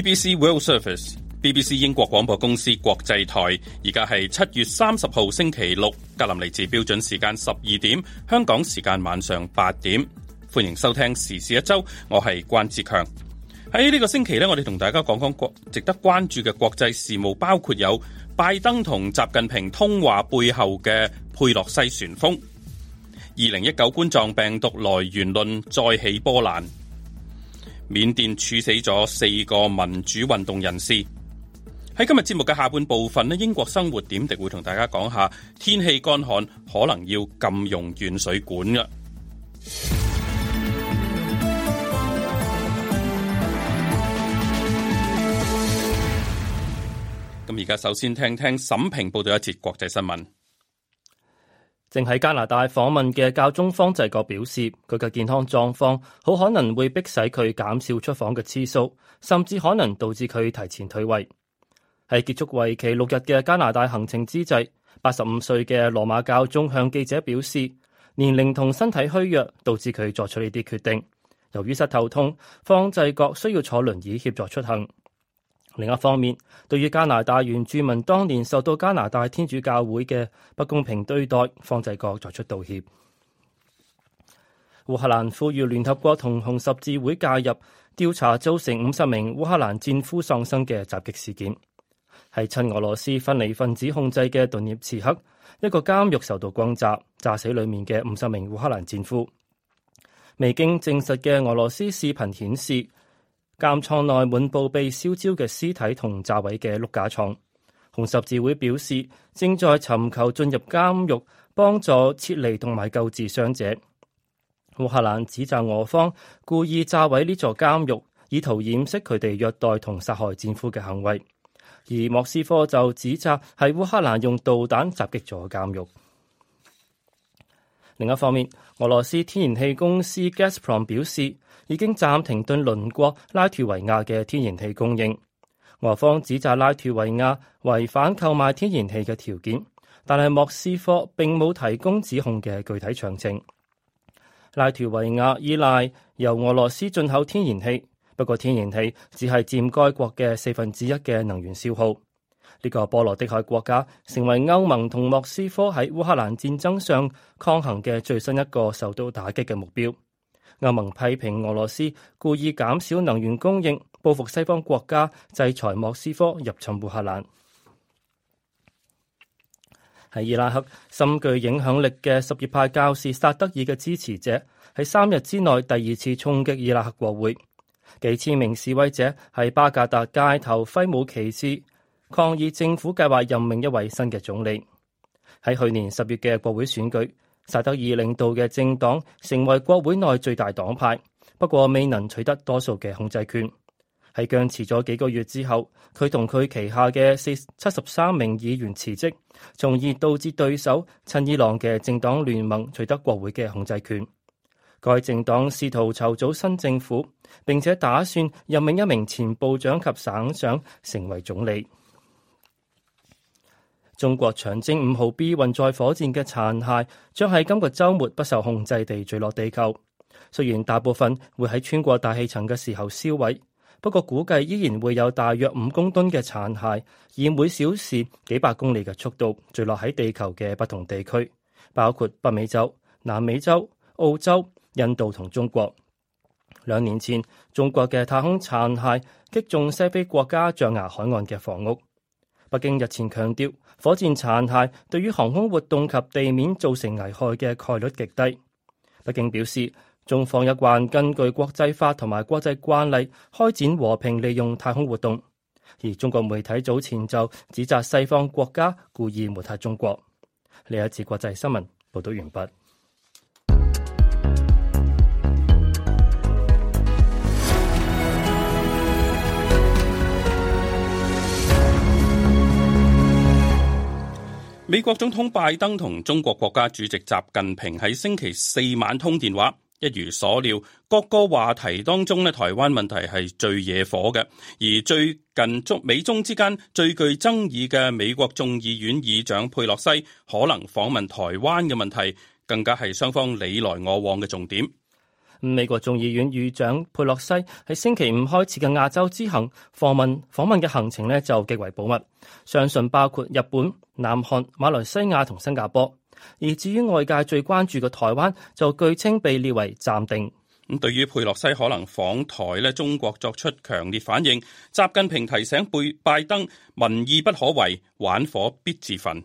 BBC World Service，BBC 英國廣播公司國際台，而家係七月三十號星期六，格林尼治標準時間十二點，香港時間晚上八點，歡迎收聽時事一周，我係關志強。喺呢個星期呢，我哋同大家講講國值得關注嘅國際事務，包括有拜登同習近平通話背後嘅佩洛西旋風，二零一九冠狀病毒來源論再起波瀾。緬甸處死咗四個民主運動人士。喺今日節目嘅下半部分咧，英國生活點滴會同大家講下天氣乾旱可能要禁用軟水管嘅。咁而家首先聽聽沈平報道一節國際新聞。正喺加拿大訪問嘅教宗方濟各表示，佢嘅健康狀況好可能會迫使佢減少出訪嘅次數，甚至可能導致佢提前退位。喺結束為期六日嘅加拿大行程之際，八十五歲嘅羅馬教宗向記者表示，年齡同身體虛弱導致佢作出呢啲決定。由於膝頭痛，方濟各需要坐輪椅協助出行。另一方面，對於加拿大原住民當年受到加拿大天主教會嘅不公平對待，方濟各作出道歉。烏克蘭呼籲聯合國同紅十字會介入調查造成五十名烏克蘭戰俘喪生嘅襲擊事件，係親俄羅斯分離分子控制嘅頓涅茨克一個監獄受到轟炸，炸死裡面嘅五十名烏克蘭戰俘。未經證實嘅俄羅斯視頻顯示。監倉內滿布被燒焦嘅屍體同炸毀嘅碌架床。紅十字會表示正在尋求進入監獄幫助撤離同埋救治傷者。烏克蘭指責俄方故意炸毀呢座監獄，以圖掩飾佢哋虐待同殺害戰俘嘅行為。而莫斯科就指責係烏克蘭用導彈襲擊咗監獄。另一方面，俄羅斯天然氣公司 Gasprom 表示。已經暫停對鄰國拉脫維亞嘅天然氣供應，俄方指責拉脫維亞違反購買天然氣嘅條件，但係莫斯科並冇提供指控嘅具體詳情。拉脫維亞依賴由俄羅斯進口天然氣，不過天然氣只係占該國嘅四分之一嘅能源消耗。呢個波羅的海國家成為歐盟同莫斯科喺烏克蘭戰爭上抗衡嘅最新一個受到打擊嘅目標。歐盟批評俄羅斯故意減少能源供應，報復西方國家制裁莫斯科入侵烏克蘭。喺伊拉克，甚具影響力嘅什葉派教士薩德爾嘅支持者，喺三日之內第二次衝擊伊拉克國會。幾千名示威者喺巴格達街頭揮舞旗幟，抗議政府計劃任命一位新嘅總理。喺去年十月嘅國會選舉。薩德爾領導嘅政黨成為國會內最大黨派，不過未能取得多數嘅控制權。喺僵持咗幾個月之後，佢同佢旗下嘅四七十三名議員辭職，從而導致對手親伊朗嘅政黨聯盟取得國會嘅控制權。該政黨試圖籌組新政府，並且打算任命一名前部長及省長成為總理。中國長征五號 B 運載火箭嘅殘骸將喺今個周末不受控制地墜落地球，雖然大部分會喺穿過大氣層嘅時候燒毀，不過估計依然會有大約五公噸嘅殘骸，以每小時幾百公里嘅速度墜落喺地球嘅不同地區，包括北美洲、南美洲、澳洲、印度同中國。兩年前，中國嘅太空殘骸擊中西非國家象牙海岸嘅房屋。北京日前強調，火箭殘骸對於航空活動及地面造成危害嘅概率極低。北京表示，中方一貫根據國際法同埋國際慣例，開展和平利用太空活動。而中國媒體早前就指責西方國家故意抹黑中國。呢一次國際新聞報道完畢。美國總統拜登同中國國家主席習近平喺星期四晚通電話，一如所料，各個話題當中呢，台灣問題係最惹火嘅。而最近中美中之間最具爭議嘅美國眾議院議長佩洛西可能訪問台灣嘅問題，更加係雙方你來我往嘅重點。美國眾議院議長佩洛西喺星期五開始嘅亞洲之行訪問訪問嘅行程呢，就極為保密，相信包括日本，南韓、馬來西亞同新加坡，而至於外界最關注嘅台灣，就據稱被列為暫定。咁對於佩洛西可能訪台咧，中國作出強烈反應。習近平提醒貝拜登，民意不可違，玩火必自焚。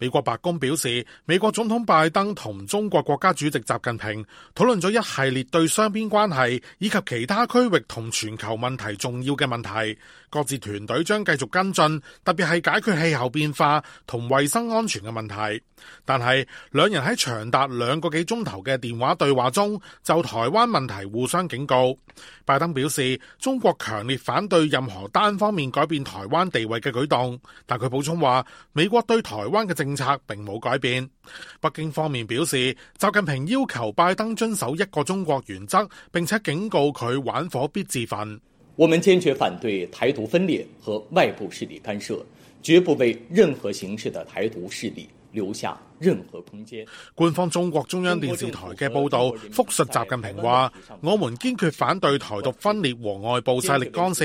美國白宮表示，美國總統拜登同中國國家主席習近平討論咗一系列對雙邊關係以及其他區域同全球問題重要嘅問題，各自團隊將繼續跟進，特別係解決氣候變化同衛生安全嘅問題。但係兩人喺長達兩個幾鐘頭嘅電話對話中，就台灣問題互相警告。拜登表示，中國強烈反對任何單方面改變台灣地位嘅舉動，但佢補充話，美國對台灣嘅政政策並冇改變。北京方面表示，習近平要求拜登遵守一個中國原則，並且警告佢玩火必自焚。我們堅決反對台獨分裂和外部勢力干涉，絕不被任何形式的台獨勢力留下任何空間。官方中國中央電視台嘅報道復述習近平話：我們堅決反對台獨分裂和外部勢力干涉，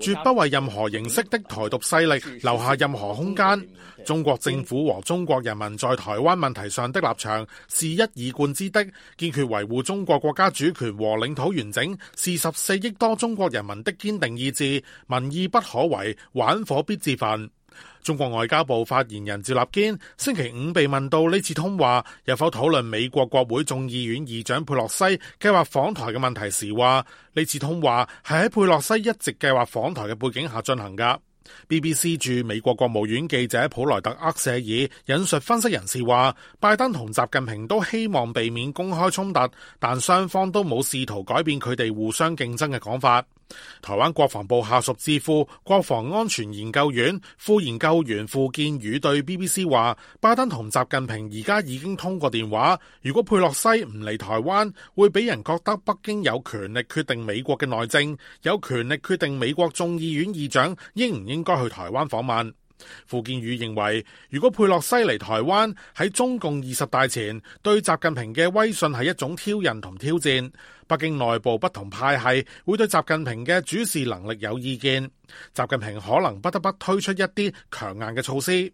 絕不為任何形式的台獨勢力留下任何空間。中國政府和中國人民在台灣問題上的立場是一以貫之的，堅決維護中國國家主權和領土完整，是十四億多中國人民的堅定意志，民意不可違，玩火必自焚。中國外交部發言人趙立堅星期五被問到呢次通話有否討論美國國會眾議院議長佩洛西計劃訪台嘅問題時，話呢次通話係喺佩洛西一直計劃訪台嘅背景下進行噶。BBC 駐美國國務院記者普萊特厄舍爾引述分析人士話，拜登同習近平都希望避免公開衝突，但雙方都冇試圖改變佢哋互相競爭嘅講法。台灣國防部下屬智庫國防安全研究院副研究員傅建宇對 BBC 話，拜登同習近平而家已經通過電話，如果佩洛西唔嚟台灣，會俾人覺得北京有權力決定美國嘅內政，有權力決定美國眾議院議長應唔應該去台灣訪問。傅建宇認為，如果佩洛西嚟台灣，喺中共二十大前對習近平嘅威信係一種挑釁同挑戰，北京內部不同派系會對習近平嘅主事能力有意見，習近平可能不得不推出一啲強硬嘅措施。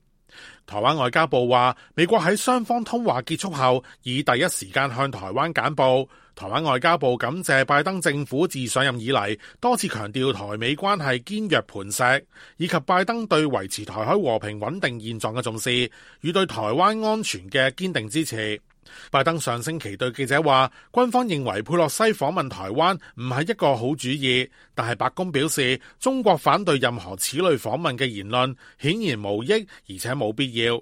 台灣外交部話，美國喺雙方通話結束後，已第一時間向台灣簡報。台灣外交部感謝拜登政府自上任以來多次強調台美關係堅若磐石，以及拜登對維持台海和平穩定現狀嘅重視與對台灣安全嘅堅定支持。拜登上星期對記者話：軍方認為佩洛西訪問台灣唔係一個好主意，但係白宮表示中國反對任何此類訪問嘅言論，顯然無益而且冇必要。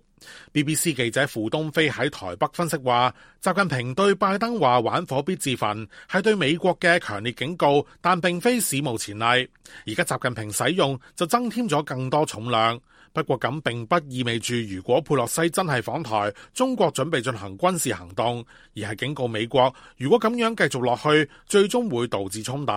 BBC 記者傅東飛喺台北分析話，習近平對拜登話，玩火必自焚，係對美國嘅強烈警告，但並非史無前例。而家習近平使用就增添咗更多重量。不過咁並不意味住如果佩洛西真係訪台，中國準備進行軍事行動，而係警告美國，如果咁樣繼續落去，最終會導致衝突。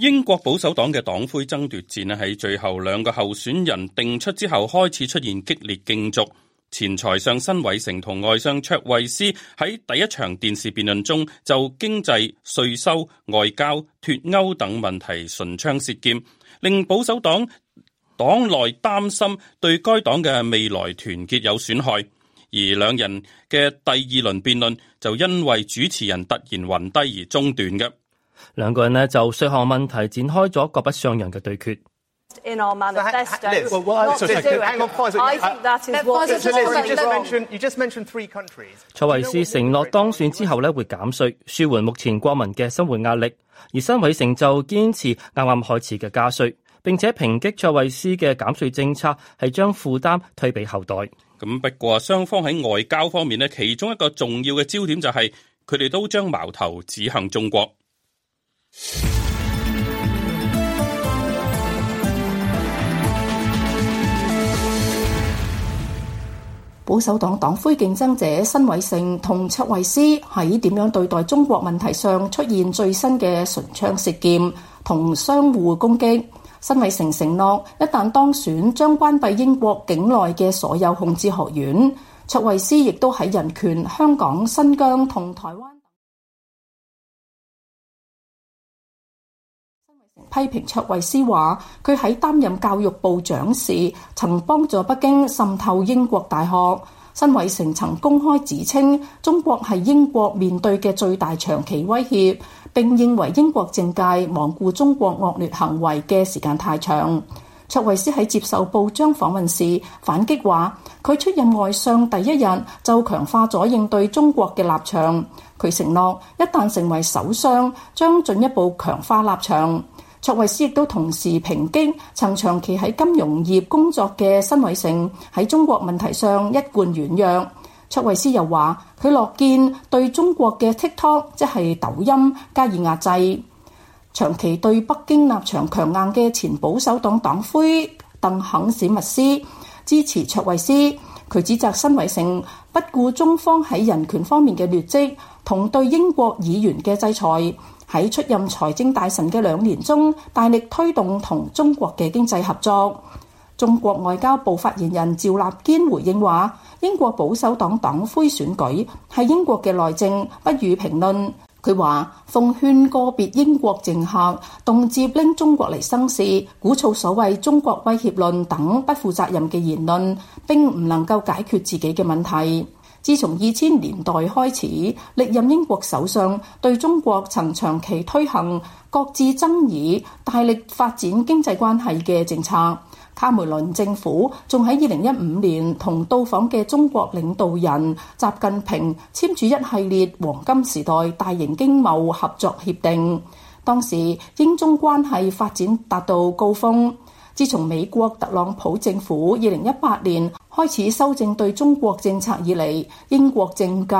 英國保守黨嘅黨魁爭奪戰咧喺最後兩個候選人定出之後開始出現激烈競逐，前財相辛偉誠同外相卓慧思喺第一場電視辯論中就經濟、稅收、外交、脫歐等問題唇槍舌劍，令保守黨黨內擔心對該黨嘅未來團結有損害，而兩人嘅第二輪辯論就因為主持人突然暈低而中斷嘅。兩個人咧就稅項問題展開咗各不相讓嘅對決 manner,。卓慧思承諾當選之後咧會減稅，舒緩目前國民嘅生活壓力；而辛偉誠就堅持啱啱開始嘅加稅，並且抨擊卓慧思嘅減稅政策係將負擔推俾後代。咁不過雙方喺外交方面咧，其中一個重要嘅焦點就係佢哋都將矛頭指向中國。保守黨黨魁競爭者辛偉誠同卓慧思喺點樣對待中國問題上出現最新嘅唇槍舌劍同相互攻擊。辛偉誠承諾一旦當選將關閉英國境內嘅所有孔子學院。卓慧思亦都喺人權、香港、新疆同台灣。批評卓慧思話，佢喺擔任教育部長時曾幫助北京滲透英國大學。辛偉誠曾公開指稱，中國係英國面對嘅最大長期威脅，並認為英國政界罔顧中國惡劣行為嘅時間太長。卓慧思喺接受報章訪問時反擊話，佢出任外相第一日就強化咗應對中國嘅立場。佢承諾一旦成為首相，將進一步強化立場。卓慧思亦都同時抨擊，曾長期喺金融業工作嘅辛偉誠喺中國問題上一貫軟弱。卓慧思又話：佢樂見對中國嘅 TikTok 即係抖音加以壓制，長期對北京立場強硬嘅前保守黨黨魁鄧肯史密斯支持卓慧思。佢指責辛偉誠不顧中方喺人權方面嘅劣跡，同對英國議員嘅制裁。喺出任財政大臣嘅兩年中，大力推動同中國嘅經濟合作。中國外交部發言人趙立堅回應話：英國保守黨黨魁選舉係英國嘅內政，不予評論。佢話：奉勸個別英國政客動輒拎中國嚟生事、鼓噪所謂中國威脅論等不負責任嘅言論，並唔能夠解決自己嘅問題。自從二千年代開始，歷任英國首相對中國曾長期推行各自爭議、大力發展經濟關係嘅政策。卡梅倫政府仲喺二零一五年同到訪嘅中國領導人習近平簽署一系列黃金時代大型經貿合作協定，當時英中關係發展達到高峰。自從美國特朗普政府二零一八年開始修正對中國政策以嚟，英國政界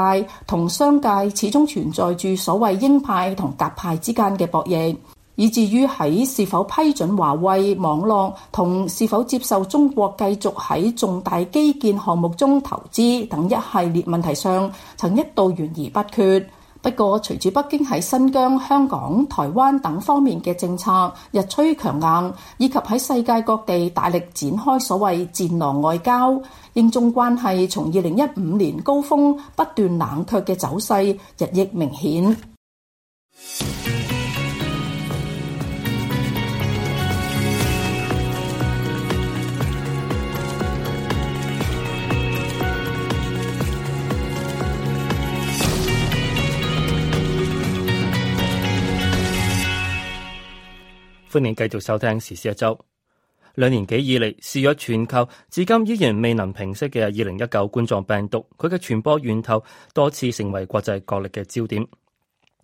同商界始終存在住所謂鷹派同鴿派之間嘅博弈，以至於喺是否批准華為網絡同是否接受中國繼續喺重大基建項目中投資等一系列問題上，曾一度懸而不決。不過，隨住北京喺新疆、香港、台灣等方面嘅政策日趨強硬，以及喺世界各地大力展開所謂戰狼外交，英中關係從二零一五年高峰不斷冷卻嘅走勢，日益明顯。 歡迎繼續收聽時事一周。兩年幾以嚟肆虐全球，至今依然未能平息嘅二零一九冠狀病毒，佢嘅傳播源頭多次成為國際角力嘅焦點。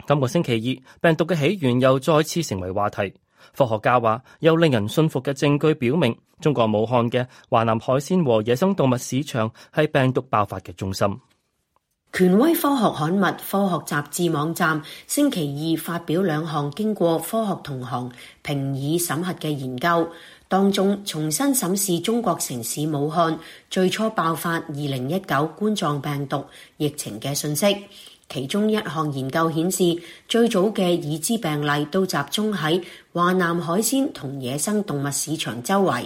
今個星期二，病毒嘅起源又再次成為話題。科學家話，有令人信服嘅證據表明，中國武漢嘅華南海鮮和野生動物市場係病毒爆發嘅中心。權威科學刊物《科學雜誌》網站星期二發表兩項經過科學同行評議審核嘅研究，當中重新審視中國城市武漢最初爆發二零一九冠狀病毒疫情嘅信息。其中一項研究顯示，最早嘅已知病例都集中喺華南海鮮同野生動物市場周圍。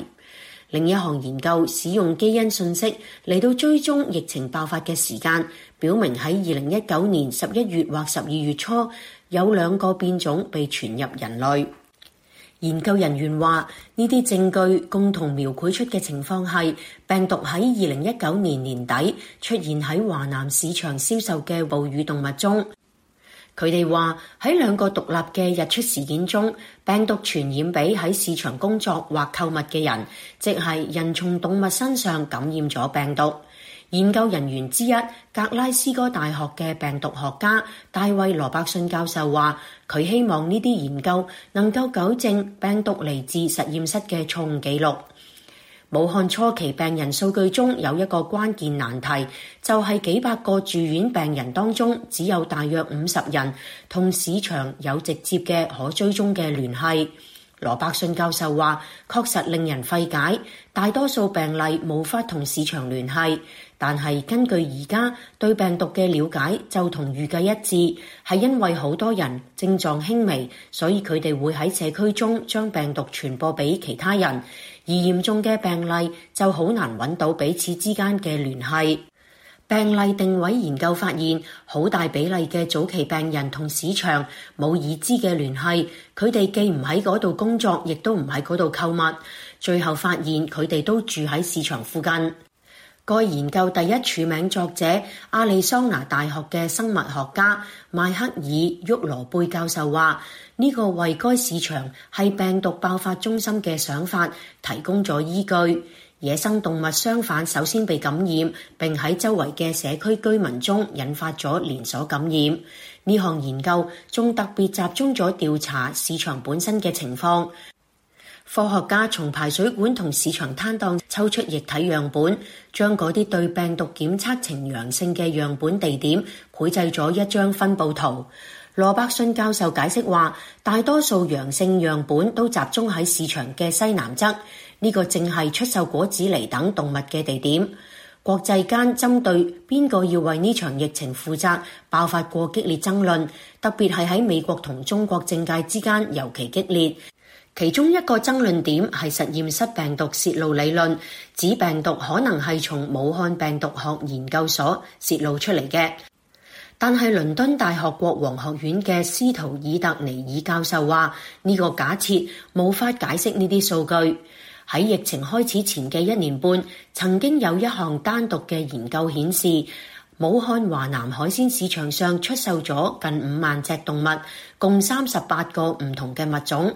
另一項研究使用基因信息嚟到追蹤疫情爆發嘅時間，表明喺二零一九年十一月或十二月初有兩個變種被傳入人類。研究人員話：呢啲證據共同描繪出嘅情況係病毒喺二零一九年年底出現喺華南市場銷售嘅哺乳動物中。佢哋話喺兩個獨立嘅日出事件中，病毒傳染俾喺市場工作或購物嘅人，即係人從動物身上感染咗病毒。研究人員之一格拉斯哥大學嘅病毒學家大衛羅伯遜教授話：佢希望呢啲研究能夠糾正病毒嚟自實驗室嘅錯誤記錄。武漢初期病人數據中有一個關鍵難題，就係、是、幾百個住院病人當中，只有大約五十人同市場有直接嘅可追蹤嘅聯繫。羅伯遜教授話：確實令人費解，大多數病例無法同市場聯繫。但係根據而家對病毒嘅了解，就同預計一致，係因為好多人症狀輕微，所以佢哋會喺社區中將病毒傳播俾其他人，而嚴重嘅病例就好難揾到彼此之間嘅聯繫。病例定位研究發現，好大比例嘅早期病人同市場冇已知嘅聯繫，佢哋既唔喺嗰度工作，亦都唔喺嗰度購物，最後發現佢哋都住喺市場附近。該研究第一署名作者、阿里桑拿大學嘅生物學家邁克爾·沃羅貝教授話：呢個為該市場係病毒爆發中心嘅想法提供咗依據。野生動物相反，首先被感染，並喺周圍嘅社區居民中引發咗連鎖感染。呢項研究仲特別集中咗調查市場本身嘅情況。科學家從排水管同市場攤檔抽出液體樣本，將嗰啲對病毒檢測呈陽性嘅樣本地點繪製咗一張分佈圖。羅伯遜教授解釋話，大多數陽性樣本都集中喺市場嘅西南側，呢個正係出售果子狸等動物嘅地點。國際間針對邊個要為呢場疫情負責，爆發過激烈爭論，特別係喺美國同中國政界之間尤其激烈。其中一個爭論點係實驗室病毒洩露理論，指病毒可能係從武漢病毒學研究所洩露出嚟嘅。但係，倫敦大學國王學院嘅斯圖爾特尼爾教授話呢個假設無法解釋呢啲數據。喺疫情開始前嘅一年半，曾經有一項單獨嘅研究顯示，武漢華南海鮮市場上出售咗近五萬隻動物，共三十八個唔同嘅物種。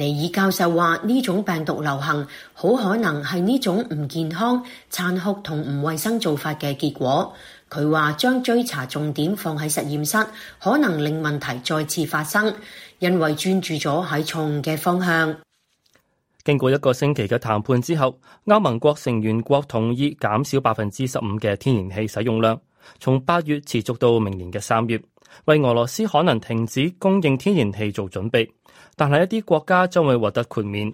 尼爾教授話：呢種病毒流行好可能係呢種唔健康、殘酷同唔衛生做法嘅結果。佢話將追查重點放喺實驗室，可能令問題再次發生，因為專注咗喺錯誤嘅方向。經過一個星期嘅談判之後，歐盟國成員國同意減少百分之十五嘅天然氣使用量，從八月持續到明年嘅三月，為俄羅斯可能停止供應天然氣做準備。但係一啲國家將會獲得豁免。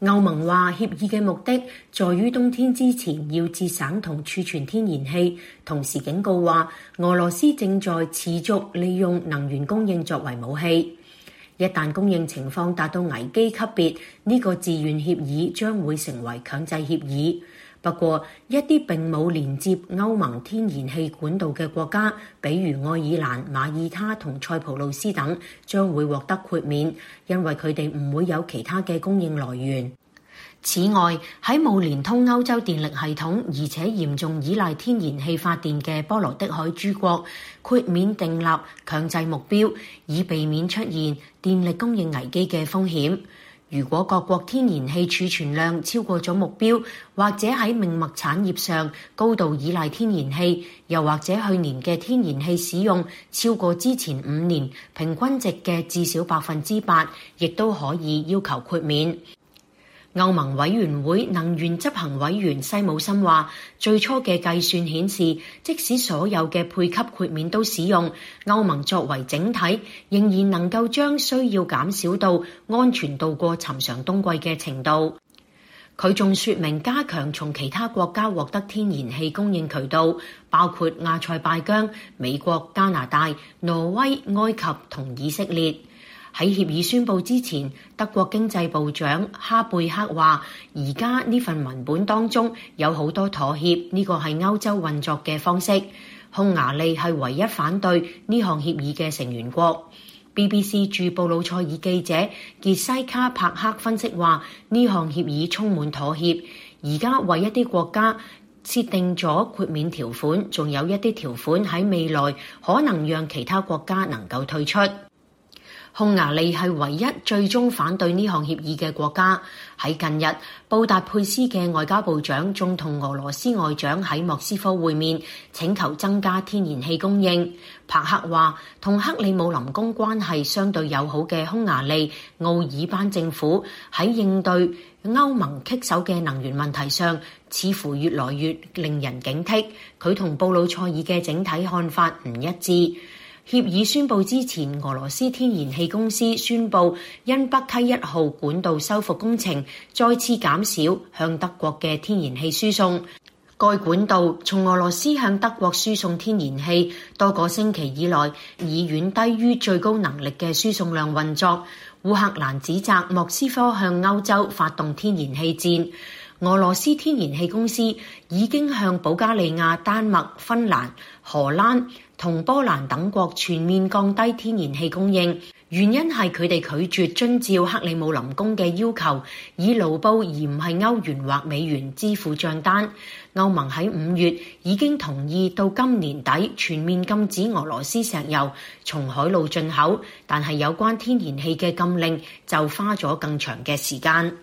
歐盟話協議嘅目的在於冬天之前要節省同儲存天然氣，同時警告話俄羅斯正在持續利用能源供應作為武器。一旦供應情況達到危機級別，呢個自願協議將會成為強制協議。不過，一啲並冇連接歐盟天然氣管道嘅國家，比如愛爾蘭、馬爾他同塞浦路斯等，將會獲得豁免，因為佢哋唔會有其他嘅供應來源。此外，喺冇連通歐洲電力系統而且嚴重依賴天然氣發電嘅波羅的海諸國，豁免訂立強制目標，以避免出現電力供應危機嘅風險。如果各國天然氣儲存量超過咗目標，或者喺命脈產業上高度依賴天然氣，又或者去年嘅天然氣使用超過之前五年平均值嘅至少百分之八，亦都可以要求豁免。歐盟委員會能源執行委員西姆森話：最初嘅計算顯示，即使所有嘅配給豁免都使用，歐盟作為整體仍然能夠將需要減少到安全度過尋常冬季嘅程度。佢仲說明加強從其他國家獲得天然氣供應渠道，包括亞塞拜疆、美國、加拿大、挪威、埃及同以色列。喺協議宣布之前，德國經濟部長哈貝克話：而家呢份文本當中有好多妥協，呢個係歐洲運作嘅方式。匈牙利係唯一反對呢項協議嘅成員國。BBC 駐布魯塞爾記者杰西卡帕克分析話：呢項協議充滿妥協，而家為一啲國家設定咗豁免條款，仲有一啲條款喺未來可能讓其他國家能夠退出。匈牙利係唯一最終反對呢項協議嘅國家。喺近日，布達佩斯嘅外交部長仲同俄羅斯外長喺莫斯科會面，請求增加天然氣供應。帕克話：同克里姆林宮關係相對友好嘅匈牙利奧爾班政府，喺應對歐盟棘手嘅能源問題上，似乎越來越令人警惕。佢同布魯塞爾嘅整體看法唔一致。協議宣布之前，俄羅斯天然氣公司宣布因北溪一號管道修復工程再次減少向德國嘅天然氣輸送。該管道從俄羅斯向德國輸送天然氣多個星期以來，以遠低於最高能力嘅輸送量運作。烏克蘭指責莫斯科向歐洲發動天然氣戰。俄羅斯天然氣公司已經向保加利亞、丹麥、芬蘭、荷蘭、同波蘭等國全面降低天然氣供應，原因係佢哋拒絕遵照克里姆林宮嘅要求，以盧布而唔係歐元或美元支付賬單。歐盟喺五月已經同意到今年底全面禁止俄羅斯石油從海路進口，但係有關天然氣嘅禁令就花咗更長嘅時間。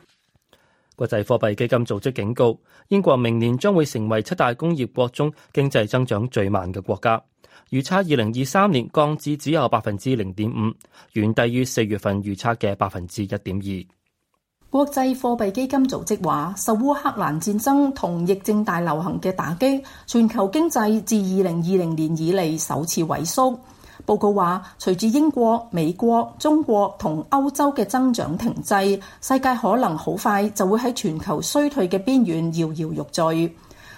國際貨幣基金做出警告，英國明年將會成為七大工業國中經濟增長最慢嘅國家。預測二零二三年降至只有百分之零點五，遠低於四月份預測嘅百分之一點二。國際貨幣基金組織話，受烏克蘭戰爭同疫症大流行嘅打擊，全球經濟自二零二零年以嚟首次萎縮。報告話，隨住英國、美國、中國同歐洲嘅增長停滯，世界可能好快就會喺全球衰退嘅邊緣搖搖欲墜。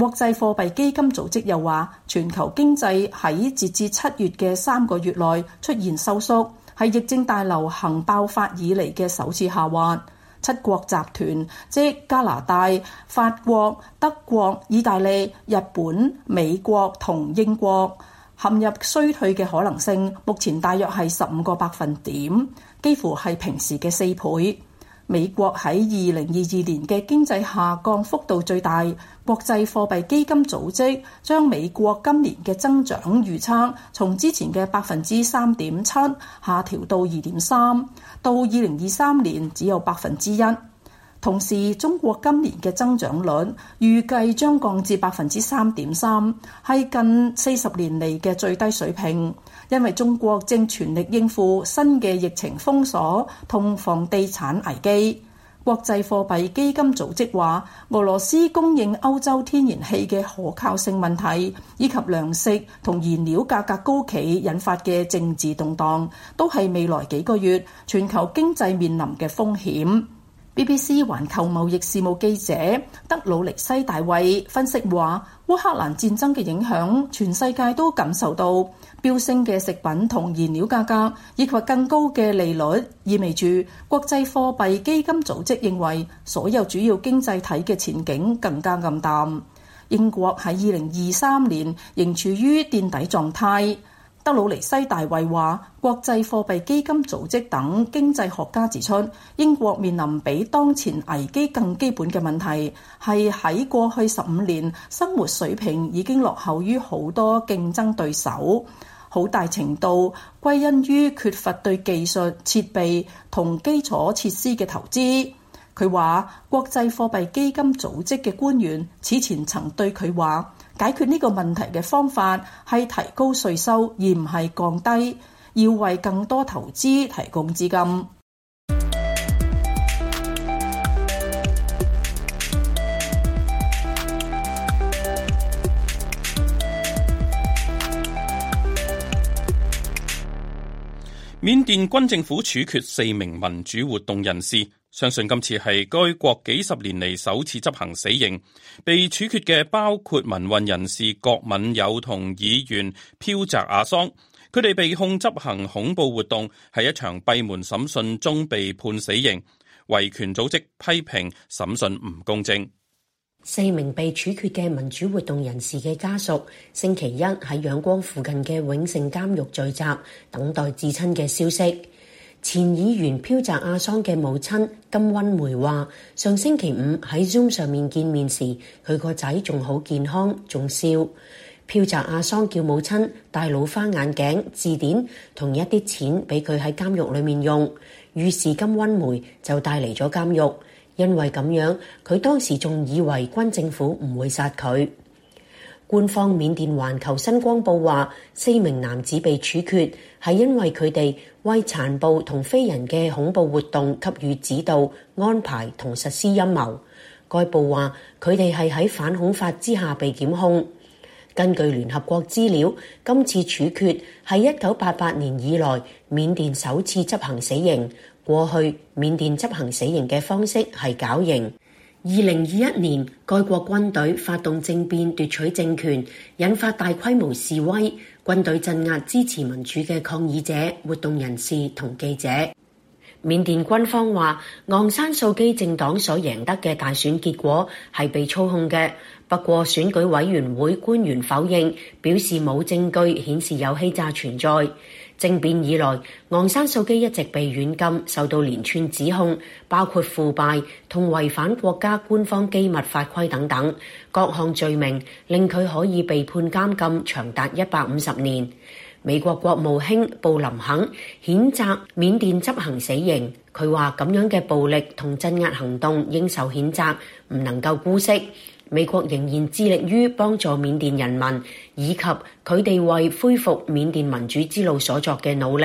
國際貨幣基金組織又話，全球經濟喺截至七月嘅三個月內出現收縮，係疫症大流行爆發以嚟嘅首次下滑。七國集團即加拿大、法國、德國、意大利、日本、美國同英國陷入衰退嘅可能性，目前大約係十五個百分點，幾乎係平時嘅四倍。美國喺二零二二年嘅經濟下降幅度最大，國際貨幣基金組織將美國今年嘅增長預測從之前嘅百分之三點七下調到二點三，到二零二三年只有百分之一。同時，中國今年嘅增長率預計將降至百分之三點三，係近四十年嚟嘅最低水平。因為中國正全力應付新嘅疫情封鎖同房地產危機，國際貨幣基金組織話，俄羅斯供應歐洲天然氣嘅可靠性問題，以及糧食同燃料價格高企引發嘅政治動盪，都係未來幾個月全球經濟面臨嘅風險。BBC 環球貿易事務記者德魯尼西大衛分析話。烏克蘭戰爭嘅影響，全世界都感受到飆升嘅食品同燃料價格，以及更高嘅利率，意味住國際貨幣基金組織認為所有主要經濟體嘅前景更加暗淡。英國喺二零二三年仍處於墊底狀態。德魯尼西大衛話：國際貨幣基金組織等經濟學家指出，英國面臨比當前危機更基本嘅問題，係喺過去十五年生活水平已經落後於好多競爭對手，好大程度歸因於缺乏對技術設備同基礎設施嘅投資。佢話，國際貨幣基金組織嘅官員此前曾對佢話：解決呢個問題嘅方法係提高稅收，而唔係降低，要為更多投資提供資金。緬甸軍政府處決四名民主活動人士。相信今次係該國幾十年嚟首次執行死刑。被處決嘅包括民運人士郭敏友同議員飄澤阿桑。佢哋被控執行恐怖活動，係一場閉門審訊中被判死刑。維權組織批評審訊唔公正。四名被處決嘅民主活動人士嘅家屬，星期一喺仰光附近嘅永盛監獄聚集，等待至親嘅消息。前議員飄澤阿桑嘅母親金温梅話，上星期五喺 Zoom 上面見面時，佢個仔仲好健康，仲笑。飄澤阿桑叫母親戴老花眼鏡、字典同一啲錢俾佢喺監獄裏面用，於是金温梅就帶嚟咗監獄。因為咁樣，佢當時仲以為軍政府唔會殺佢。官方緬甸環球新光報話，四名男子被處決，係因為佢哋。為殘暴同非人嘅恐怖活動給予指導、安排同實施陰謀。該部話：佢哋係喺反恐法之下被檢控。根據聯合國資料，今次處決係一九八八年以來緬甸首次執行死刑。過去緬甸執行死刑嘅方式係絞刑。二零二一年，該國軍隊發動政變奪取政權，引發大規模示威。軍隊鎮壓支持民主嘅抗議者、活動人士同記者。緬甸軍方話昂山素基政黨所贏得嘅大選結果係被操控嘅，不過選舉委員會官員否認，表示冇證據顯示有欺詐存在。政變以來，昂山素姬一直被軟禁，受到連串指控，包括腐敗同違反國家官方機密法規等等各項罪名，令佢可以被判監禁長達一百五十年。美國國務卿布林肯譴責緬甸執行死刑，佢話咁樣嘅暴力同鎮壓行動應受譴責，唔能夠姑息。美國仍然致力於幫助緬甸人民以及佢哋為恢復緬甸民主之路所作嘅努力。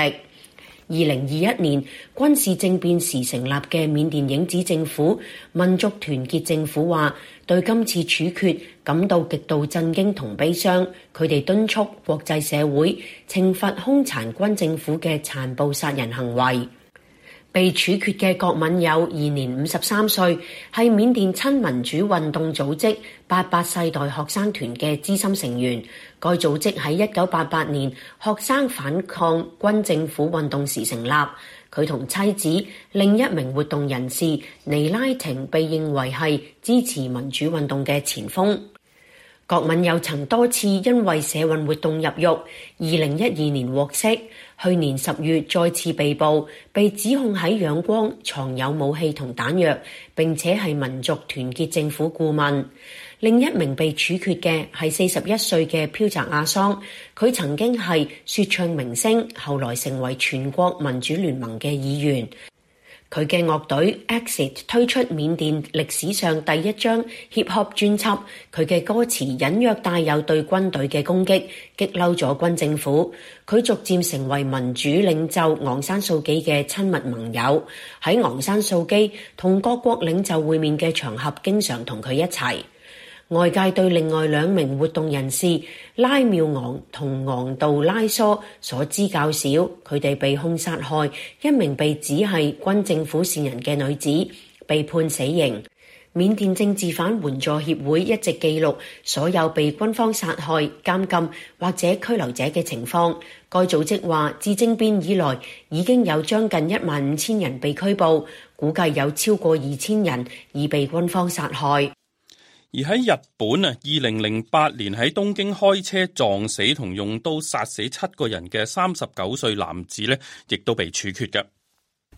二零二一年軍事政變時成立嘅緬甸影子政府民族團結政府話，對今次處決感到極度震驚同悲傷。佢哋敦促國際社會懲罰兇殘軍政府嘅殘暴殺人行為。被處決嘅郭敏友，現年五十三歲，係緬甸親民主運動組織八八世代學生團嘅資深成員。該組織喺一九八八年學生反抗軍政府運動時成立。佢同妻子另一名活動人士尼拉廷被認為係支持民主運動嘅前鋒。郭敏友曾多次因為社運活動入獄，二零一二年獲釋。去年十月再次被捕，被指控喺仰光藏有武器同彈藥，並且係民族團結政府顧問。另一名被處決嘅係四十一歲嘅飄澤阿桑，佢曾經係說唱明星，後來成為全國民主聯盟嘅議員。佢嘅樂隊 Exit 推出緬甸歷史上第一張 hip hop 專輯，佢嘅歌詞隱約帶有對軍隊嘅攻擊，激嬲咗軍政府。佢逐漸成為民主領袖昂山素基嘅親密盟友，喺昂山素基同各國領袖會面嘅場合，經常同佢一齊。外界對另外兩名活動人士拉妙昂同昂道拉梭所知較少，佢哋被控殺害一名被指係軍政府線人嘅女子，被判死刑。緬甸政治犯援助協會一直記錄所有被軍方殺害、監禁或者拘留者嘅情況。該組織話，自政變以來，已經有將近一萬五千人被拘捕，估計有超過二千人已被軍方殺害。而喺日本啊，二零零八年喺東京開車撞死同用刀殺死七個人嘅三十九歲男子呢，亦都被處決嘅。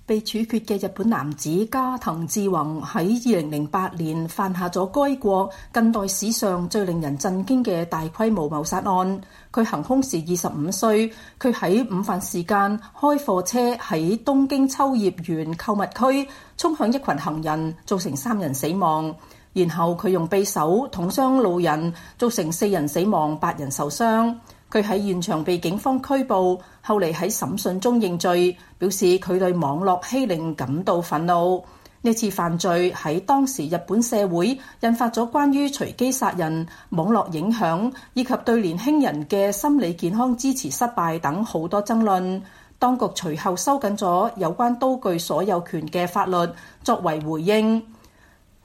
被處決嘅日本男子加藤志宏喺二零零八年犯下咗該國近代史上最令人震驚嘅大規模謀殺案。佢行凶時二十五歲，佢喺午飯時間開貨車喺東京秋葉原購物區衝向一群行人，造成三人死亡。然後佢用匕首捅傷路人，造成四人死亡、八人受傷。佢喺現場被警方拘捕，後嚟喺審訊中認罪，表示佢對網絡欺凌感到憤怒。呢次犯罪喺當時日本社會引發咗關於隨機殺人、網絡影響以及對年輕人嘅心理健康支持失敗等好多爭論。當局隨後收緊咗有關刀具所有權嘅法律作為回應。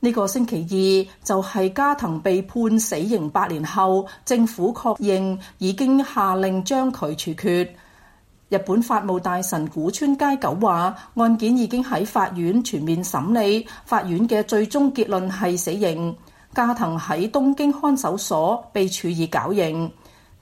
呢個星期二就係加藤被判死刑八年後，政府確認已經下令將佢處決。日本法務大臣古川佳久話：案件已經喺法院全面審理，法院嘅最終結論係死刑。加藤喺東京看守所被處以絞刑。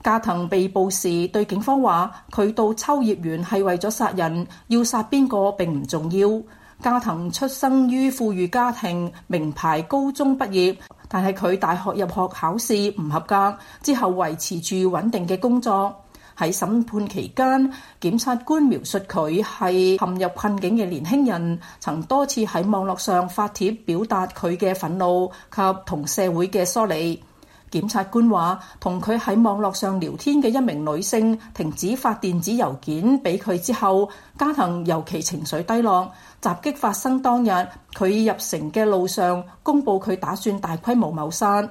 加藤被捕時對警方話：佢到秋葉原係為咗殺人，要殺邊個並唔重要。加藤出生於富裕家庭，名牌高中畢業，但係佢大學入學考試唔合格，之後維持住穩定嘅工作。喺審判期間，檢察官描述佢係陷入困境嘅年輕人，曾多次喺網絡上發帖表達佢嘅憤怒及同社會嘅疏離。檢察官話：同佢喺網絡上聊天嘅一名女性停止發電子郵件俾佢之後，加藤尤其情緒低落。襲擊發生當日，佢入城嘅路上，公布佢打算大規模謀殺。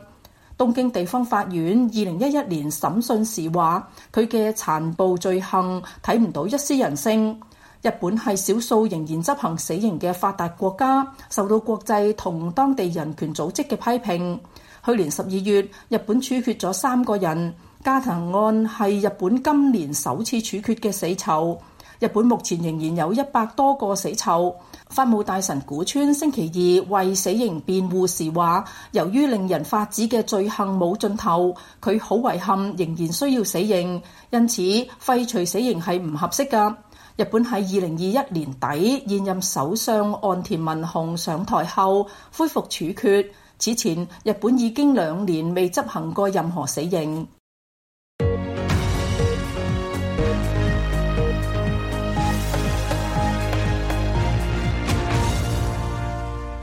東京地方法院二零一一年審訊時話：佢嘅殘暴罪行睇唔到一絲人性。日本係少數仍然執行死刑嘅發達國家，受到國際同當地人權組織嘅批評。去年十二月，日本處決咗三個人。加藤案係日本今年首次處決嘅死囚。日本目前仍然有一百多個死囚。法務大臣古川星期二為死刑辯護時話，由於令人發指嘅罪行冇盡頭，佢好遺憾仍然需要死刑，因此廢除死刑係唔合適嘅。日本喺二零二一年底現任首相岸田文雄上台後恢復處決。此前，日本已經兩年未執行過任何死刑。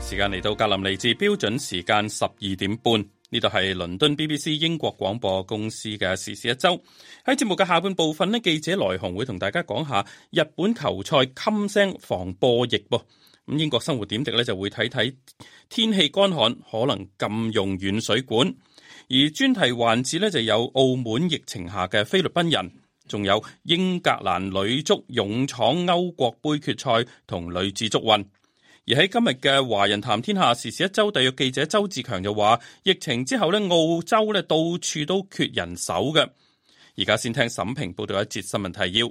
時間嚟到格林尼治標準時間十二點半，呢度係倫敦 BBC 英國廣播公司嘅時事一周。喺節目嘅下半部分咧，記者來鴻會同大家講下日本球賽噤聲防播疫。咁英國生活點滴咧就會睇睇天氣乾旱可能禁用軟水管，而專題環節咧就有澳門疫情下嘅菲律賓人，仲有英格蘭女足勇闖歐國杯決賽同女子足運，而喺今日嘅華人談天下時事一周特約記者周志強就話，疫情之後咧澳洲咧到處都缺人手嘅，而家先聽沈平報道一節新聞提要。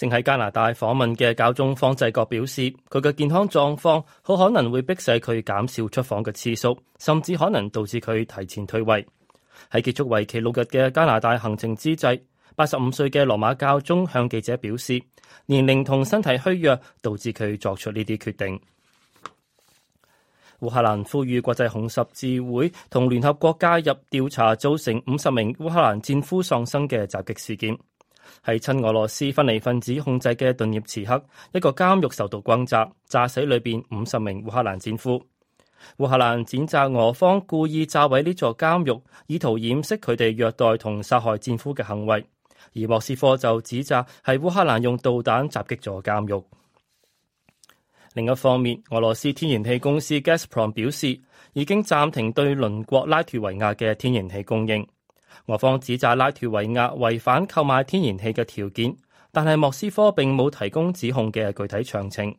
正喺加拿大訪問嘅教宗方濟各表示，佢嘅健康狀況好可能會迫使佢減少出訪嘅次數，甚至可能導致佢提前退位。喺結束為期六日嘅加拿大行程之際，八十五歲嘅羅馬教宗向記者表示，年齡同身體虛弱導致佢作出呢啲決定。烏克蘭呼籲國際紅十字會同聯合國介入調查造成五十名烏克蘭戰俘喪生嘅襲擊事件。係親俄羅斯分離分子控制嘅頓涅茨克一個監獄受到轟炸，炸死裏邊五十名烏克蘭戰俘。烏克蘭指責俄方故意炸毀呢座監獄，以圖掩飾佢哋虐待同殺害戰俘嘅行為。而莫斯科就指責係烏克蘭用導彈襲擊咗監獄。另一方面，俄羅斯天然氣公司 Gazprom 表示，已經暫停對鄰國拉脱維亞嘅天然氣供應。俄方指責拉脫維亞違反購買天然氣嘅條件，但係莫斯科並冇提供指控嘅具體詳情。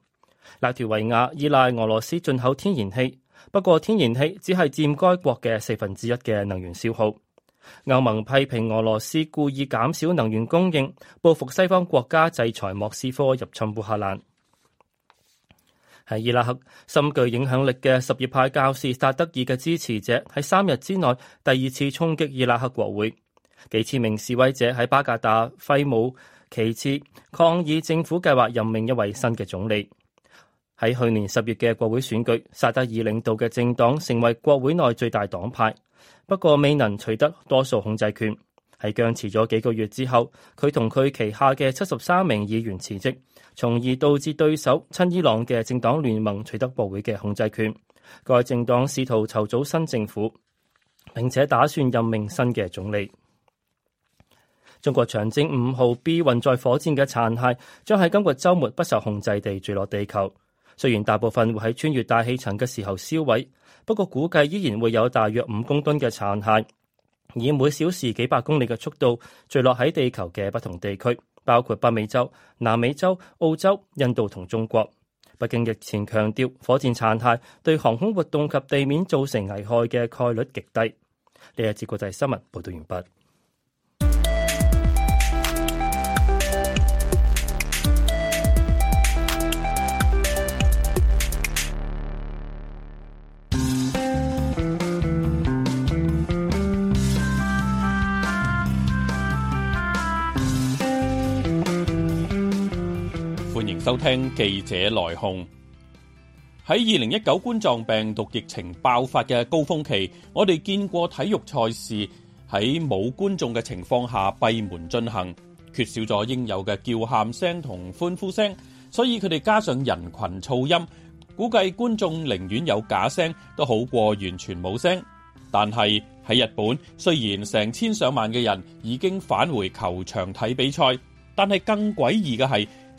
拉脫維亞依賴俄羅斯進口天然氣，不過天然氣只係佔該國嘅四分之一嘅能源消耗。歐盟批評俄羅斯故意減少能源供應，報復西方國家制裁莫斯科入侵烏克蘭。喺伊拉克，深具影響力嘅什葉派教士薩德爾嘅支持者喺三日之內第二次衝擊伊拉克國會，幾千名示威者喺巴格達揮舞其次抗議政府計劃任命一位新嘅總理。喺去年十月嘅國會選舉，薩德爾領導嘅政黨成為國會內最大黨派，不過未能取得多數控制權，喺僵持咗幾個月之後，佢同佢旗下嘅七十三名議員辭職。從而導致對手親伊朗嘅政黨聯盟取得部會嘅控制權，該政黨試圖籌組新政府，並且打算任命新嘅總理。中國長征五號 B 運載火箭嘅殘骸將喺今個週末不受控制地墜落地球，雖然大部分會喺穿越大氣層嘅時候燒毀，不過估計依然會有大約五公噸嘅殘骸，以每小時幾百公里嘅速度墜落喺地球嘅不同地區。包括北美洲、南美洲、澳洲、印度同中國。北京日前強調，火箭殘骸對航空活動及地面造成危害嘅概率極低。呢一節嘅國際新聞報道完畢。收聽記者來鴻。喺二零一九冠狀病毒疫情爆發嘅高峰期，我哋見過體育賽事喺冇觀眾嘅情況下閉門進行，缺少咗應有嘅叫喊聲同歡呼聲，所以佢哋加上人群噪音，估計觀眾寧願有假聲都好過完全冇聲。但係喺日本，雖然成千上萬嘅人已經返回球場睇比賽，但係更詭異嘅係，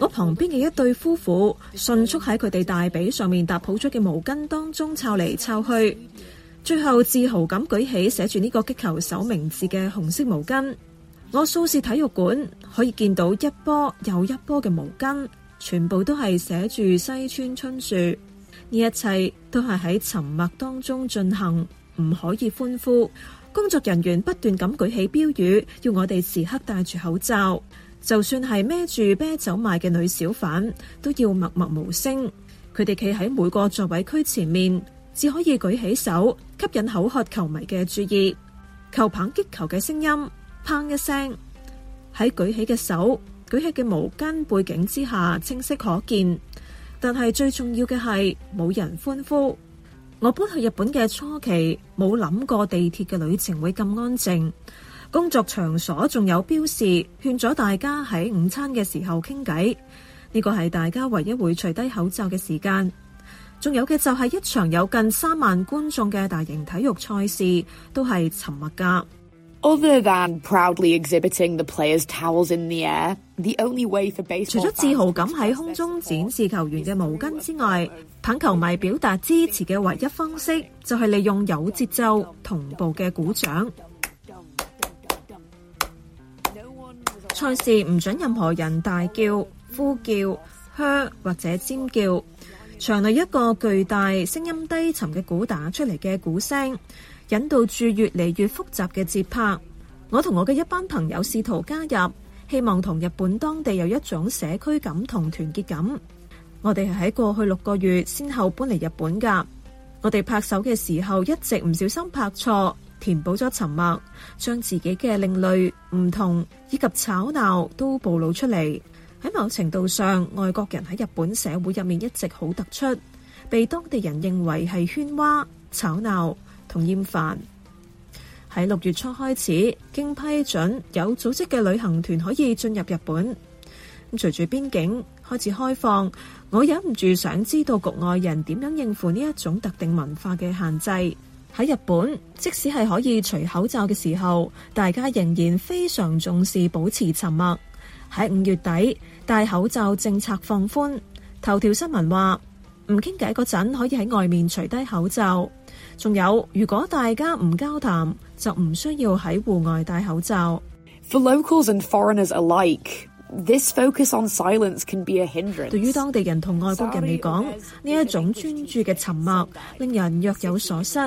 我旁邊嘅一對夫婦迅速喺佢哋大髀上面搭好咗嘅毛巾當中抄嚟抄去，最後自豪咁舉起寫住呢個擊球手名字嘅紅色毛巾。我蘇士體育館可以見到一波又一波嘅毛巾，全部都係寫住西村春樹。呢一切都係喺沉默當中進行，唔可以歡呼。工作人員不斷咁舉起標語，要我哋時刻戴住口罩。就算係孭住啤酒賣嘅女小販，都要默默無聲。佢哋企喺每個座位區前面，只可以舉起手，吸引口渴球迷嘅注意。球棒擊球嘅聲音，砰一聲，喺舉起嘅手、舉起嘅毛巾背景之下清晰可見。但係最重要嘅係冇人歡呼。我搬去日本嘅初期，冇諗過地鐵嘅旅程會咁安靜。工作場所仲有標示，勸咗大家喺午餐嘅時候傾偈。呢個係大家唯一會除低口罩嘅時間。仲有嘅就係一場有近三萬觀眾嘅大型體育賽事，都係沉默㗎。除咗自豪噉喺空中展示球員嘅毛巾之外，棒球迷表達支持嘅唯一方式，就係利用有節奏同步嘅鼓掌。賽事唔准任何人大叫、呼叫、噓或者尖叫。場內一個巨大、聲音低沉嘅鼓打出嚟嘅鼓聲，引導住越嚟越複雜嘅節拍。我同我嘅一班朋友試圖加入，希望同日本當地有一種社區感同團結感。我哋係喺過去六個月先後搬嚟日本噶。我哋拍手嘅時候一直唔小心拍錯。填補咗沉默，將自己嘅另類、唔同以及吵鬧都暴露出嚟。喺某程度上，外國人喺日本社會入面一直好突出，被當地人認為係喧嘩、吵鬧同厭煩。喺六月初開始，經批准有組織嘅旅行團可以進入日本。隨住邊境開始開放，我忍唔住想知道局外人點樣應付呢一種特定文化嘅限制。喺日本，即使係可以除口罩嘅時候，大家仍然非常重視保持沉默。喺五月底，戴口罩政策放寬。頭條新聞話，唔傾偈嗰陣可以喺外面除低口罩。仲有，如果大家唔交談，就唔需要喺戶外戴口罩。For locals and foreigners alike. This focus on silence can be a hindrance。對於當地人同外國人嚟講，呢一種專注嘅沉默令人若有所失。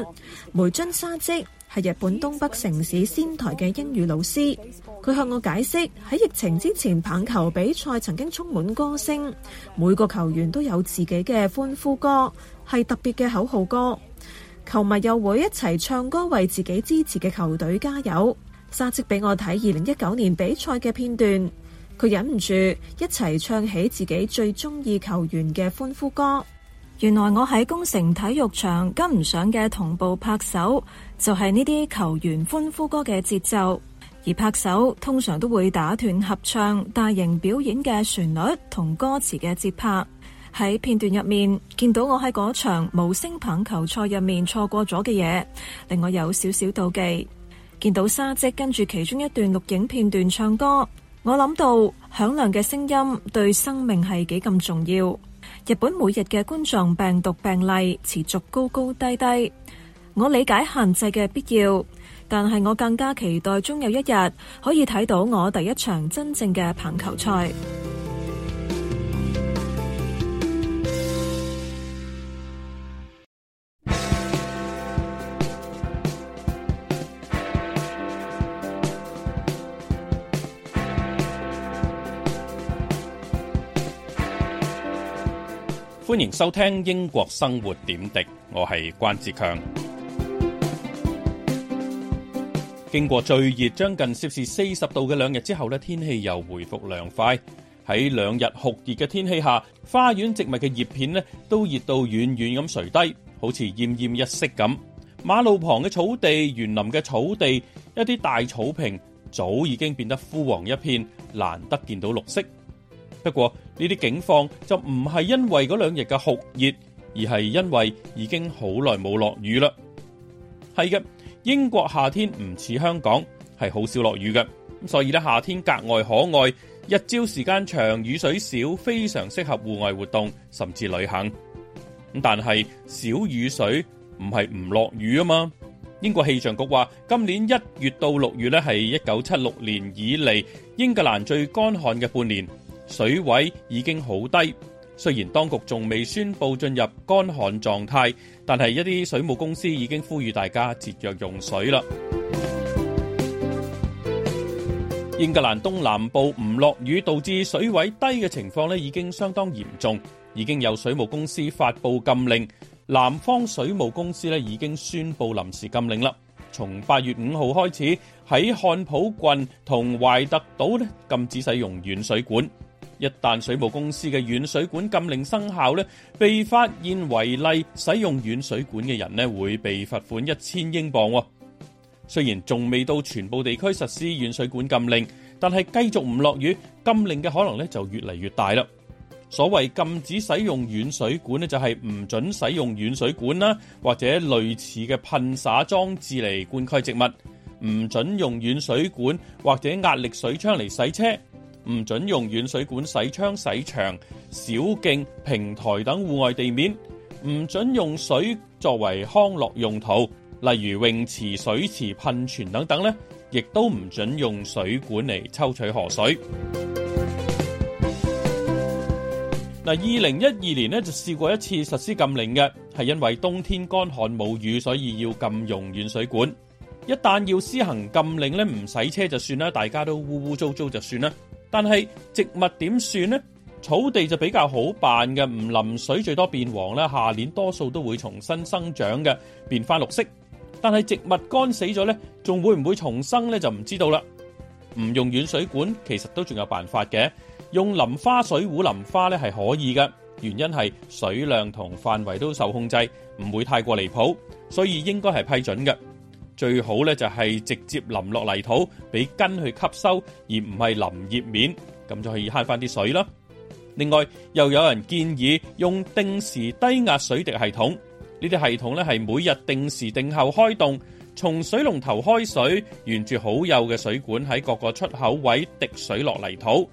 梅津沙織係日本東北城市仙台嘅英語老師，佢向我解釋喺疫情之前棒球比賽曾經充滿歌聲，每個球員都有自己嘅歡呼歌，係特別嘅口號歌，球迷又會一齊唱歌為自己支持嘅球隊加油。沙織俾我睇二零一九年比賽嘅片段。佢忍唔住一齊唱起自己最中意球員嘅歡呼歌。原來我喺工程體育場跟唔上嘅同步拍手，就係呢啲球員歡呼歌嘅節奏，而拍手通常都會打斷合唱大型表演嘅旋律同歌詞嘅節拍。喺片段入面見到我喺嗰場無聲棒球賽入面錯過咗嘅嘢，令我有少少妒忌。見到沙姐跟住其中一段錄影片段唱歌。我諗到響亮嘅聲音對生命係幾咁重要。日本每日嘅冠狀病毒病例持續高高低低，我理解限制嘅必要，但係我更加期待終有一日可以睇到我第一場真正嘅棒球賽。歡迎收聽英國生活點滴，我係關志強。經過最熱將近攝氏四十度嘅兩日之後呢，天氣又回復涼快。喺兩日酷熱嘅天氣下，花園植物嘅葉片咧都熱到軟軟咁垂低，好似奄奄一息咁。馬路旁嘅草地、園林嘅草地、一啲大草坪，早已經變得枯黃一片，難得見到綠色。不過呢啲景況就唔係因為嗰兩日嘅酷熱，而係因為已經好耐冇落雨啦。係嘅，英國夏天唔似香港係好少落雨嘅，所以咧夏天格外可愛，日照時間長，雨水少，非常適合戶外活動甚至旅行。但係少雨水唔係唔落雨啊嘛？英國氣象局話今年一月到六月咧，係一九七六年以嚟英格蘭最乾旱嘅半年。水位已經好低，雖然當局仲未宣佈進入乾旱狀態，但係一啲水務公司已經呼籲大家節約用水啦。英格蘭東南部唔落雨，導致水位低嘅情況咧已經相當嚴重，已經有水務公司發布禁令。南方水務公司咧已經宣佈臨時禁令啦，從八月五號開始喺漢普郡同懷特島咧禁止使用軟水管。一旦水務公司嘅軟水管禁令生效呢，被發現違例使用軟水管嘅人呢，會被罰款一千英鎊。雖然仲未到全部地區實施軟水管禁令，但係繼續唔落雨，禁令嘅可能呢就越嚟越大啦。所謂禁止使用軟水管呢，就係唔准使用軟水管啦，或者類似嘅噴灑裝置嚟灌溉植物，唔准用軟水管或者壓力水槍嚟洗車。唔准用軟水管洗窗、洗牆、小徑、平台等戶外地面，唔准用水作為康樂用途，例如泳池、水池、噴泉等等咧，亦都唔准用水管嚟抽取河水。嗱，二零一二年呢就試過一次實施禁令嘅，係因為冬天乾旱冇雨，所以要禁用軟水管。一旦要施行禁令咧，唔洗車就算啦，大家都污污糟糟就算啦。但係植物點算呢？草地就比較好辦嘅，唔淋水最多變黃啦，下年多數都會重新生長嘅，變翻綠色。但係植物乾死咗呢，仲會唔會重生呢？就唔知道啦。唔用軟水管其實都仲有辦法嘅，用淋花水壺淋花呢係可以嘅，原因係水量同範圍都受控制，唔會太過離譜，所以應該係批准嘅。最好咧就係直接淋落泥土，俾根去吸收，而唔係淋葉面，咁就可以慳翻啲水啦。另外，又有人建議用定時低壓水滴系統，呢啲系統咧係每日定時定候開動，從水龍頭開水，沿住好幼嘅水管喺各個出口位滴水落泥土，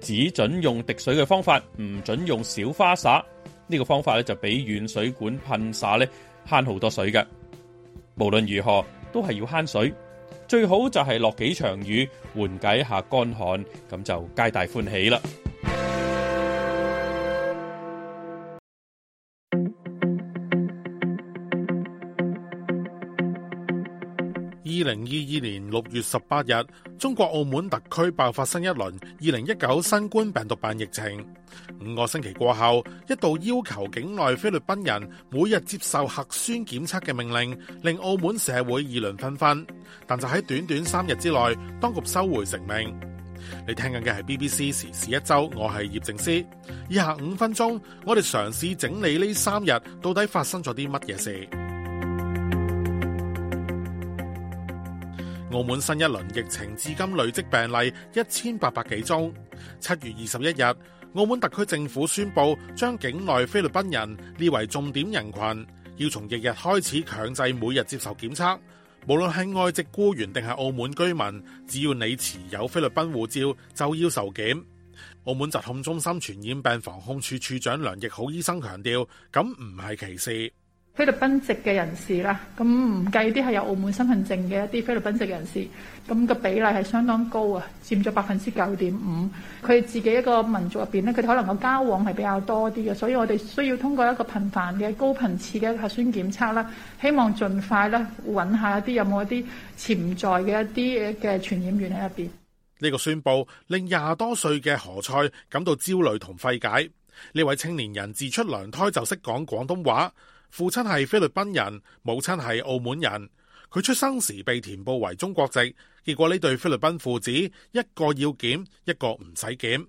只准用滴水嘅方法，唔准用小花灑。呢個方法咧就比軟水管噴灑咧慳好多水嘅。無論如何。都係要慳水，最好就係落幾場雨，緩解一下乾旱，咁就皆大歡喜啦。二零二二年六月十八日，中國澳門特區爆發新一輪二零一九新冠病毒病疫情。五個星期過後，一度要求境內菲律賓人每日接受核酸檢測嘅命令，令澳門社會議論紛紛。但就喺短短三日之內，當局收回成命。你聽緊嘅係 BBC 時事一周，我係葉靖斯。以下五分鐘，我哋嘗試整理呢三日到底發生咗啲乜嘢事。澳門新一輪疫情至今累積病例一千八百幾宗。七月二十一日，澳門特區政府宣布將境內菲律賓人列為重點人群，要從翌日開始強制每日接受檢測。無論係外籍雇員定係澳門居民，只要你持有菲律賓護照就要受檢。澳門疾控中心傳染病防控處處長梁亦好醫生強調，咁唔係歧視。菲律賓籍嘅人士啦，咁唔計啲係有澳門身份證嘅一啲菲律賓籍人士，咁個比例係相當高啊，佔咗百分之九點五。佢自己一個民族入邊咧，佢哋可能個交往係比較多啲嘅，所以我哋需要通過一個頻繁嘅高頻次嘅核酸檢測啦，希望盡快咧揾下一啲有冇一啲潛在嘅一啲嘅傳染源喺入邊。呢個宣布令廿多歲嘅何塞感到焦慮同費解。呢位青年人自出娘胎就識講廣東話。父親係菲律賓人，母親係澳門人。佢出生時被填報為中國籍，結果呢對菲律賓父子一個要檢，一個唔使檢。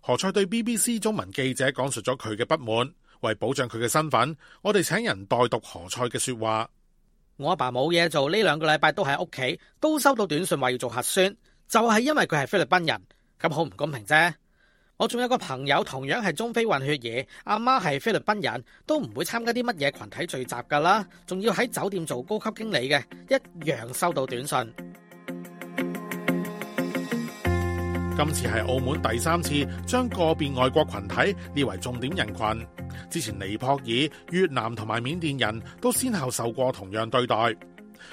何塞對 BBC 中文記者講述咗佢嘅不滿。為保障佢嘅身份，我哋請人代讀何塞嘅說話。我阿爸冇嘢做，呢兩個禮拜都喺屋企，都收到短信話要做核酸，就係因為佢係菲律賓人。咁好唔公平啫。我仲有個朋友，同樣係中菲混血兒，阿媽係菲律賓人，都唔會參加啲乜嘢群體聚集㗎啦，仲要喺酒店做高級經理嘅，一樣收到短信。今次係澳門第三次將個別外國群體列為重點人群，之前尼泊爾、越南同埋緬甸人都先後受過同樣對待。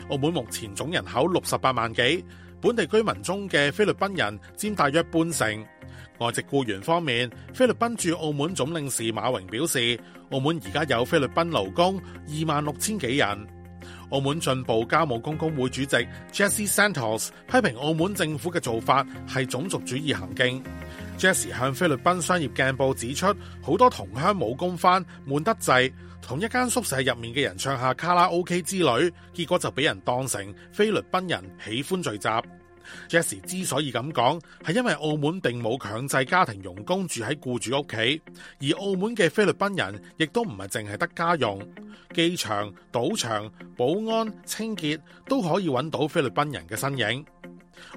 澳門目前總人口六十八萬幾，本地居民中嘅菲律賓人佔大約半成。外籍雇員方面，菲律賓駐澳門總領事馬榮表示，澳門而家有菲律賓勞工二萬六千幾人。澳門進步家務工工會主席 Jesse Santos 批評澳門政府嘅做法係種族主義行徑。Jesse 向菲律賓商業鏡報指出，好多同鄉冇工返，悶得滯，同一間宿舍入面嘅人唱下卡拉 OK 之旅，結果就俾人當成菲律賓人喜歡聚集。Jesse 之所以咁講，係因為澳門並冇強制家庭傭工住喺雇主屋企，而澳門嘅菲律賓人亦都唔係淨係得家用，機場、賭場、保安、清潔都可以揾到菲律賓人嘅身影。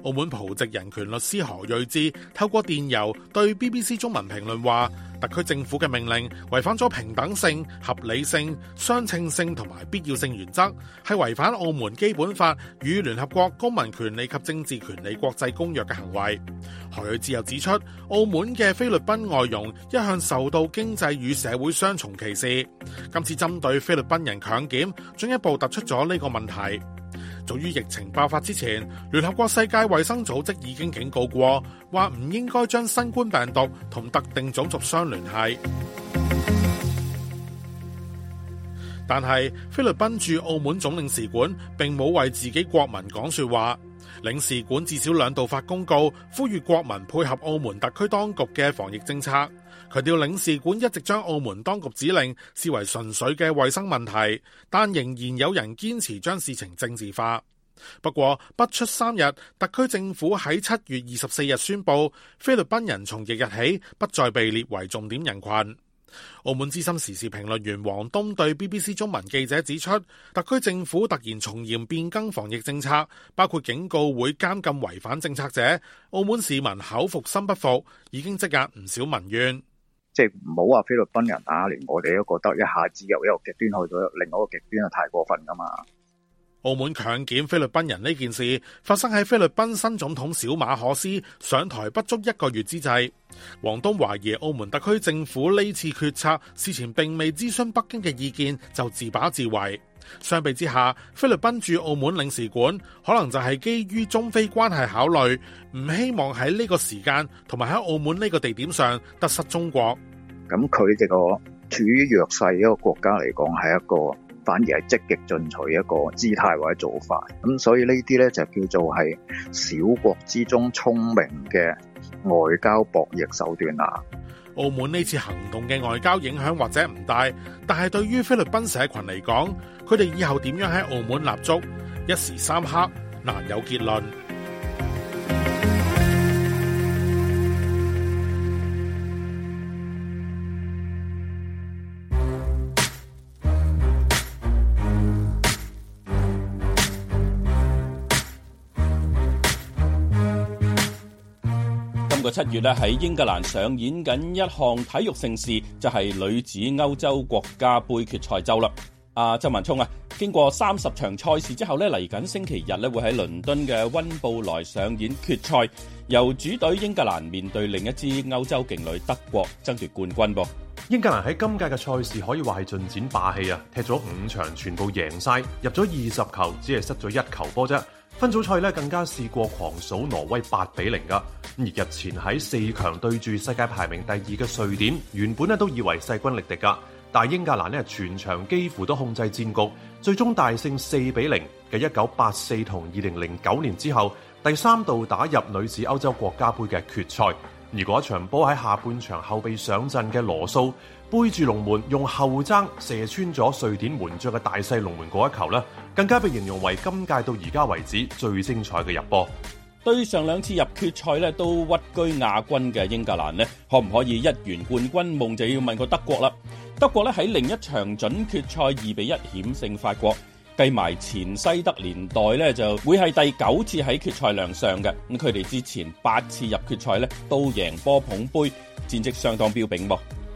澳門葡籍人權律師何瑞智透過電郵對 BBC 中文評論話：特區政府嘅命令違反咗平等性、合理性、相稱性同埋必要性原則，係違反澳門基本法與聯合國公民權利及政治權利國際公約嘅行為。何瑞智又指出，澳門嘅菲律賓外傭一向受到經濟與社會雙重歧視，今次針對菲律賓人強檢，進一步突出咗呢個問題。早於疫情爆發之前，聯合國世界衛生組織已經警告過，話唔應該將新冠病毒同特定種族相聯繫。但係菲律賓駐澳門總領事館並冇為自己國民講説話，領事館至少兩度發公告，呼籲國民配合澳門特區當局嘅防疫政策。強調領事館一直將澳門當局指令視為純粹嘅衛生問題，但仍然有人堅持將事情政治化。不過不出三日，特區政府喺七月二十四日宣佈，菲律賓人從翌日起，不再被列為重點人群。澳門資深時事評論員黃東對 BBC 中文記者指出，特區政府突然從嚴變更防疫政策，包括警告會監禁違反政策者，澳門市民口服心不服，已經積壓唔少民怨。即係唔好話菲律賓人啊，連我哋都覺得一下子由一個極端去到另一個極端係太過分噶嘛澳門強檢菲律賓人呢件事發生喺菲律賓新總統小馬可斯上台不足一個月之際，黃東懷疑澳門特區政府呢次決策事前並未諮詢北京嘅意見，就自把自為。相比之下，菲律賓駐澳門領事館可能就係基於中菲關係考慮，唔希望喺呢個時間同埋喺澳門呢個地點上得失中國。咁佢哋個處於弱勢一個國家嚟講，係一個反而係積極進取一個姿態或者做法。咁所以呢啲呢，就叫做係小國之中聰明嘅外交博弈手段啦。澳門呢次行動嘅外交影響或者唔大，但係對於菲律賓社群嚟講，佢哋以後點樣喺澳門立足，一時三刻難有結論。七月咧喺英格蘭上演緊一項體育盛事，就係、是、女子歐洲國家盃決賽周啦。阿、啊、周文聰啊，經過三十場賽事之後咧，嚟緊星期日咧會喺倫敦嘅溫布萊上演決賽，由主隊英格蘭面對另一支歐洲勁旅德國爭奪冠軍。噃，英格蘭喺今屆嘅賽事可以話係進展霸氣啊，踢咗五場全部贏晒，入咗二十球，只係失咗一球波啫。分組賽咧更加試過狂掃挪威八比零噶而日前喺四強對住世界排名第二嘅瑞典，原本咧都以為勢均力敵噶，但英格蘭呢，全場幾乎都控制戰局，最終大勝四比零，係一九八四同二零零九年之後第三度打入女子歐洲國家杯嘅決賽。而嗰場波喺下半場後備上陣嘅羅素。背住龍門，用後踭射穿咗瑞典門將嘅大細龍門嗰一球呢，更加被形容為今屆到而家為止最精彩嘅入波。對上兩次入決賽呢都屈居亞軍嘅英格蘭呢，可唔可以一圓冠軍夢？就要問過德國啦。德國呢喺另一場準決賽二比一險勝法國，計埋前西德年代呢就會係第九次喺決賽亮相嘅。咁佢哋之前八次入決賽呢都贏波捧杯，戰績相當彪炳。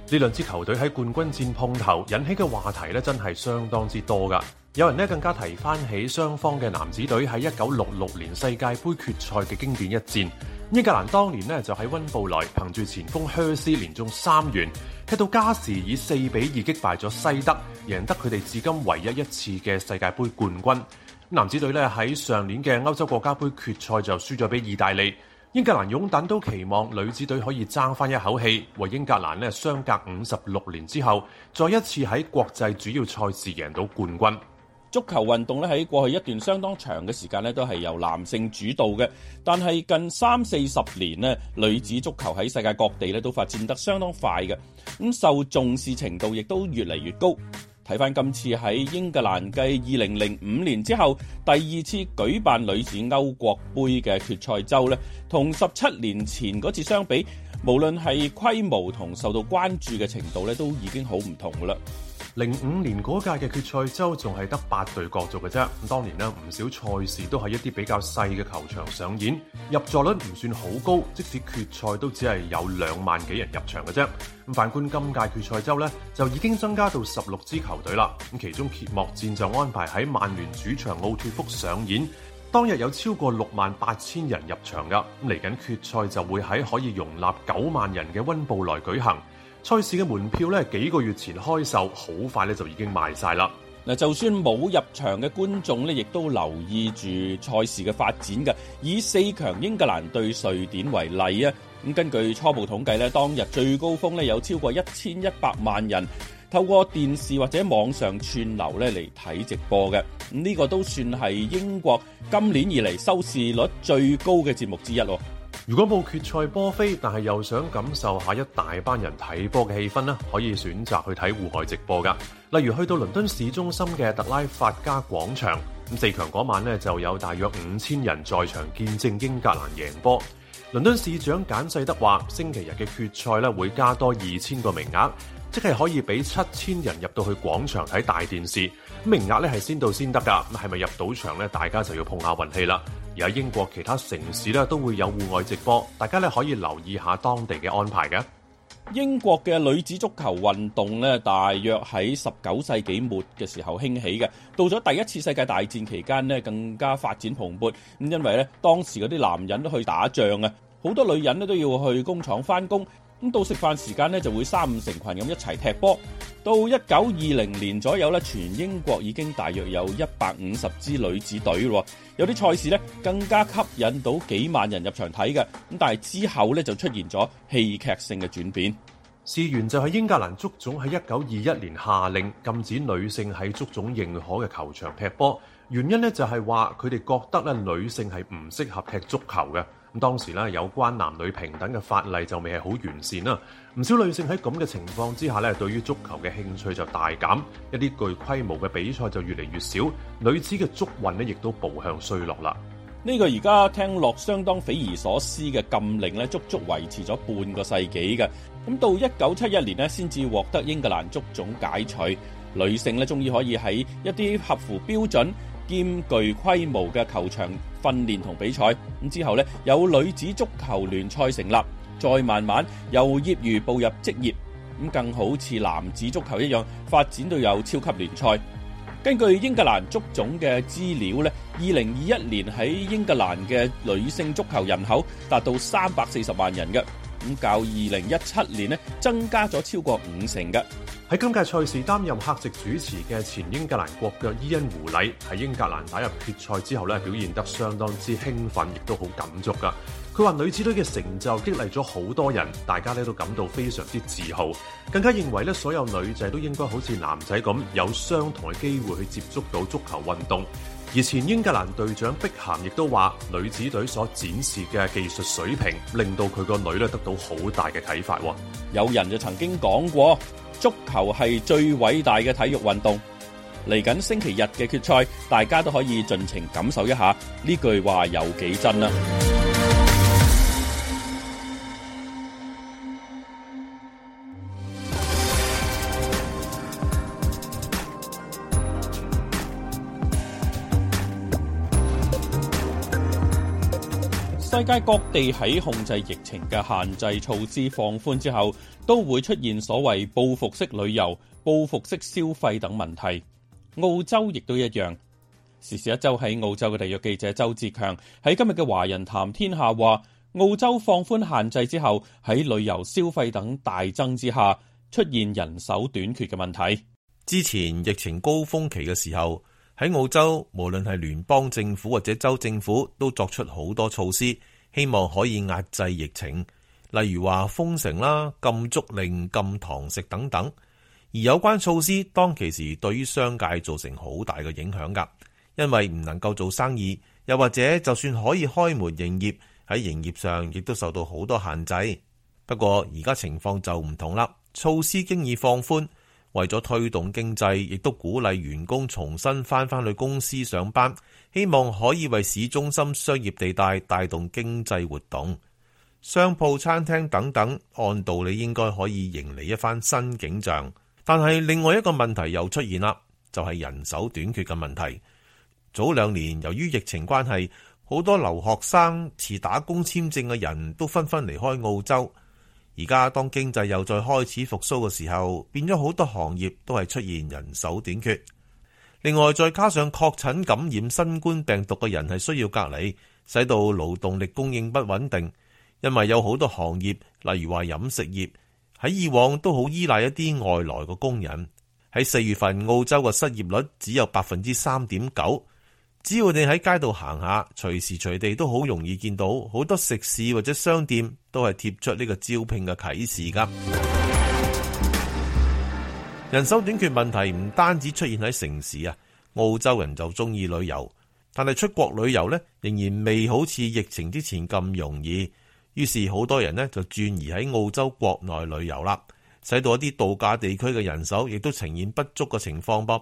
呢兩支球隊喺冠軍戰碰頭，引起嘅話題咧真係相當之多噶。有人咧更加提翻起雙方嘅男子隊喺一九六六年世界杯決賽嘅經典一戰。英格蘭當年咧就喺溫布萊憑住前鋒靴斯連中三元，踢到加時以四比二擊敗咗西德，贏得佢哋至今唯一一次嘅世界杯冠軍。男子隊咧喺上年嘅歐洲國家杯決賽就輸咗俾意大利。英格蘭擁躉都期望女子隊可以爭返一口氣，為英格蘭呢相隔五十六年之後，再一次喺國際主要賽事贏到冠軍。足球運動呢喺過去一段相當長嘅時間呢都係由男性主導嘅，但係近三四十年呢女子足球喺世界各地呢都發展得相當快嘅，咁受重視程度亦都越嚟越高。睇返今次喺英格蘭繼二零零五年之後第二次舉辦女子歐國杯嘅決賽周呢，同十七年前嗰次相比，無論係規模同受到關注嘅程度咧，都已經好唔同噶啦。零五年嗰屆嘅決賽周仲係得八隊角逐嘅啫。咁當年呢，唔少賽事都係一啲比較細嘅球場上演，入座率唔算好高，即使決賽都只係有兩萬幾人入場嘅啫。咁反觀今屆決賽周咧，就已經增加到十六支球隊啦。咁其中揭幕戰就安排喺曼聯主場奧脫福上演。當日有超過六萬八千人入場噶，嚟緊決賽就會喺可以容納九萬人嘅溫布萊舉行。賽事嘅門票咧，幾個月前開售，好快咧就已經賣晒啦。嗱，就算冇入場嘅觀眾咧，亦都留意住賽事嘅發展嘅。以四強英格蘭對瑞典為例啊，咁根據初步統計咧，當日最高峰咧有超過一千一百萬人。透過電視或者網上串流咧嚟睇直播嘅，呢、嗯呢個都算係英國今年以嚟收視率最高嘅節目之一咯。如果冇決賽波飛，但係又想感受下一大班人睇波嘅氣氛呢，可以選擇去睇戶外直播噶。例如去到倫敦市中心嘅特拉法加廣場，咁四強嗰晚咧就有大約五千人在場見證英格蘭贏波。倫敦市長簡世德話，星期日嘅決賽咧會加多二千個名額。即係可以俾七千人入到去廣場睇大電視，名額咧係先到先得噶咁係咪入到場呢？大家就要碰下運氣啦。而喺英國其他城市呢，都會有戶外直播，大家咧可以留意下當地嘅安排嘅。英國嘅女子足球運動呢，大約喺十九世紀末嘅時候興起嘅，到咗第一次世界大戰期間呢，更加發展蓬勃。咁因為呢，當時嗰啲男人都去打仗啊，好多女人咧都要去工廠翻工。咁到食飯時間咧，就會三五成群咁一齊踢波。到一九二零年左右咧，全英國已經大約有一百五十支女子隊咯。有啲賽事咧，更加吸引到幾萬人入場睇嘅。咁但係之後咧，就出現咗戲劇性嘅轉變。事緣就係英格蘭足總喺一九二一年下令禁止女性喺足總認可嘅球場踢波，原因呢就係話佢哋覺得咧女性係唔適合踢足球嘅。當時咧，有關男女平等嘅法例就未係好完善啦，唔少女性喺咁嘅情況之下咧，對於足球嘅興趣就大減，一啲具規模嘅比賽就越嚟越少，女子嘅足運咧亦都步向衰落啦。呢個而家聽落相當匪夷所思嘅禁令咧，足足維持咗半個世紀嘅，咁到一九七一年咧，先至獲得英格蘭足總解除，女性咧終於可以喺一啲合乎標準。兼具規模嘅球場訓練同比賽，咁之後呢有女子足球聯賽成立，再慢慢由業餘步入職業，咁更好似男子足球一樣發展到有超級聯賽。根據英格蘭足總嘅資料呢，二零二一年喺英格蘭嘅女性足球人口達到三百四十萬人嘅。較二零一七年咧增加咗超過五成嘅。喺今屆賽事擔任客席主持嘅前英格蘭國腳伊恩胡禮喺英格蘭打入決賽之後咧，表現得相當之興奮，亦都好感觸噶。佢話女子隊嘅成就激勵咗好多人，大家咧都感到非常之自豪，更加認為咧所有女仔都應該好似男仔咁有相同嘅機會去接觸到足球運動。而前英格蘭隊長碧咸亦都話，女子隊所展示嘅技術水平，令到佢個女咧得到好大嘅啟發。有人就曾經講過，足球係最偉大嘅體育運動。嚟緊星期日嘅決賽，大家都可以盡情感受一下呢句話有幾真啊？世界各地喺控制疫情嘅限制措施放寬之後，都會出現所謂報復式旅遊、報復式消費等問題。澳洲亦都一樣。時事一周喺澳洲嘅地約記者周志強喺今日嘅華人談天下話，澳洲放寬限制之後，喺旅遊消費等大增之下，出現人手短缺嘅問題。之前疫情高峰期嘅時候，喺澳洲，無論係聯邦政府或者州政府，都作出好多措施，希望可以壓制疫情。例如話封城啦、禁足令、禁堂食等等。而有關措施當其時對於商界造成好大嘅影響噶，因為唔能夠做生意，又或者就算可以開門營業，喺營業上亦都受到好多限制。不過而家情況就唔同啦，措施經已放寬。為咗推動經濟，亦都鼓勵員工重新返返去公司上班，希望可以為市中心商業地帶帶動經濟活動，商鋪、餐廳等等，按道理應該可以迎嚟一番新景象。但係另外一個問題又出現啦，就係、是、人手短缺嘅問題。早兩年由於疫情關係，好多留學生持打工簽證嘅人都紛紛離開澳洲。而家當經濟又再開始復甦嘅時候，變咗好多行業都係出現人手短缺。另外，再加上確診感染新冠病毒嘅人係需要隔離，使到勞動力供應不穩定。因為有好多行業，例如話飲食業，喺以往都好依賴一啲外來嘅工人。喺四月份，澳洲嘅失業率只有百分之三點九。只要你喺街度行下，隨時隨地都好容易見到好多食肆或者商店都係貼出呢個招聘嘅啟示噶。 人手短缺問題唔單止出現喺城市啊，澳洲人就中意旅遊，但係出國旅遊呢，仍然未好似疫情之前咁容易，於是好多人呢，就轉移喺澳洲國內旅遊啦，使到一啲度假地區嘅人手亦都呈現不足嘅情況。噃，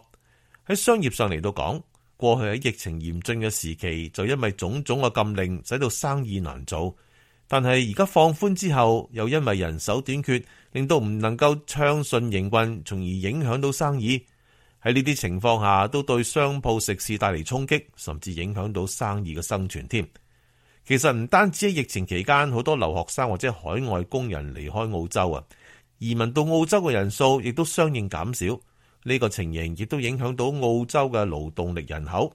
喺商業上嚟到講。過去喺疫情嚴峻嘅時期，就因為種種嘅禁令，使到生意難做。但係而家放寬之後，又因為人手短缺，令到唔能夠暢順營運，從而影響到生意。喺呢啲情況下，都對商鋪食肆帶嚟衝擊，甚至影響到生意嘅生存添。其實唔單止喺疫情期間，好多留學生或者海外工人離開澳洲啊，移民到澳洲嘅人數亦都相應減少。呢個情形亦都影響到澳洲嘅勞動力人口。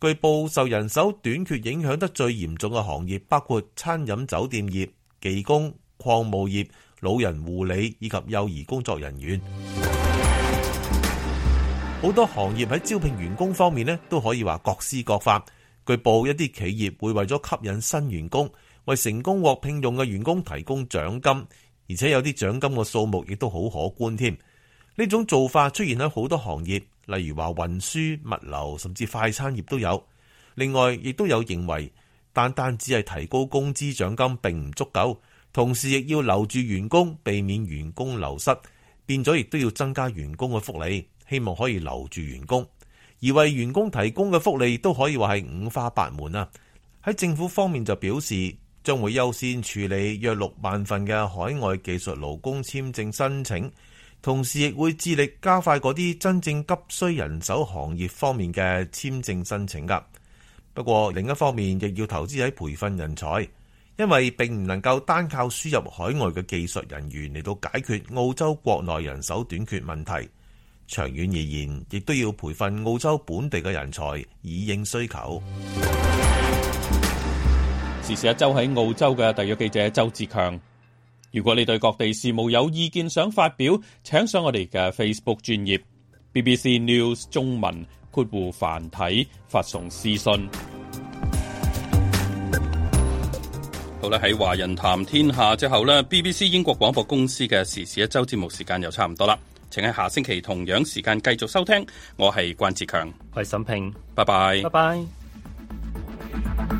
據報受人手短缺影響得最嚴重嘅行業包括餐飲酒店業、技工、礦務業、老人護理以及幼兒工作人員。好 多行業喺招聘員工方面咧，都可以話各施各法。據報一啲企業會為咗吸引新員工，為成功獲聘用嘅員工提供獎金，而且有啲獎金嘅數目亦都好可觀添。呢種做法出現喺好多行業，例如話運輸、物流甚至快餐業都有。另外，亦都有認為單單只係提高工資獎金並唔足夠，同時亦要留住員工，避免員工流失。變咗亦都要增加員工嘅福利，希望可以留住員工。而為員工提供嘅福利都可以話係五花八門啊。喺政府方面就表示，將會優先處理約六萬份嘅海外技術勞工簽證申請。同時亦會致力加快嗰啲真正急需人手行業方面嘅簽證申請噶。不過另一方面亦要投資喺培訓人才，因為並唔能夠單靠輸入海外嘅技術人員嚟到解決澳洲國內人手短缺問題。長遠而言，亦都要培訓澳洲本地嘅人才以應需求。時事一周喺澳洲嘅特約記者周志強。如果你對各地事務有意見想發表，請上我哋嘅 Facebook 專頁 BBC News 中文括弧繁體發送私信。好啦，喺華人談天下之後呢 BBC 英國廣播公司嘅時事一周節目時間又差唔多啦，請喺下星期同樣時間繼續收聽。我係關志強，我係沈平，拜拜，拜拜。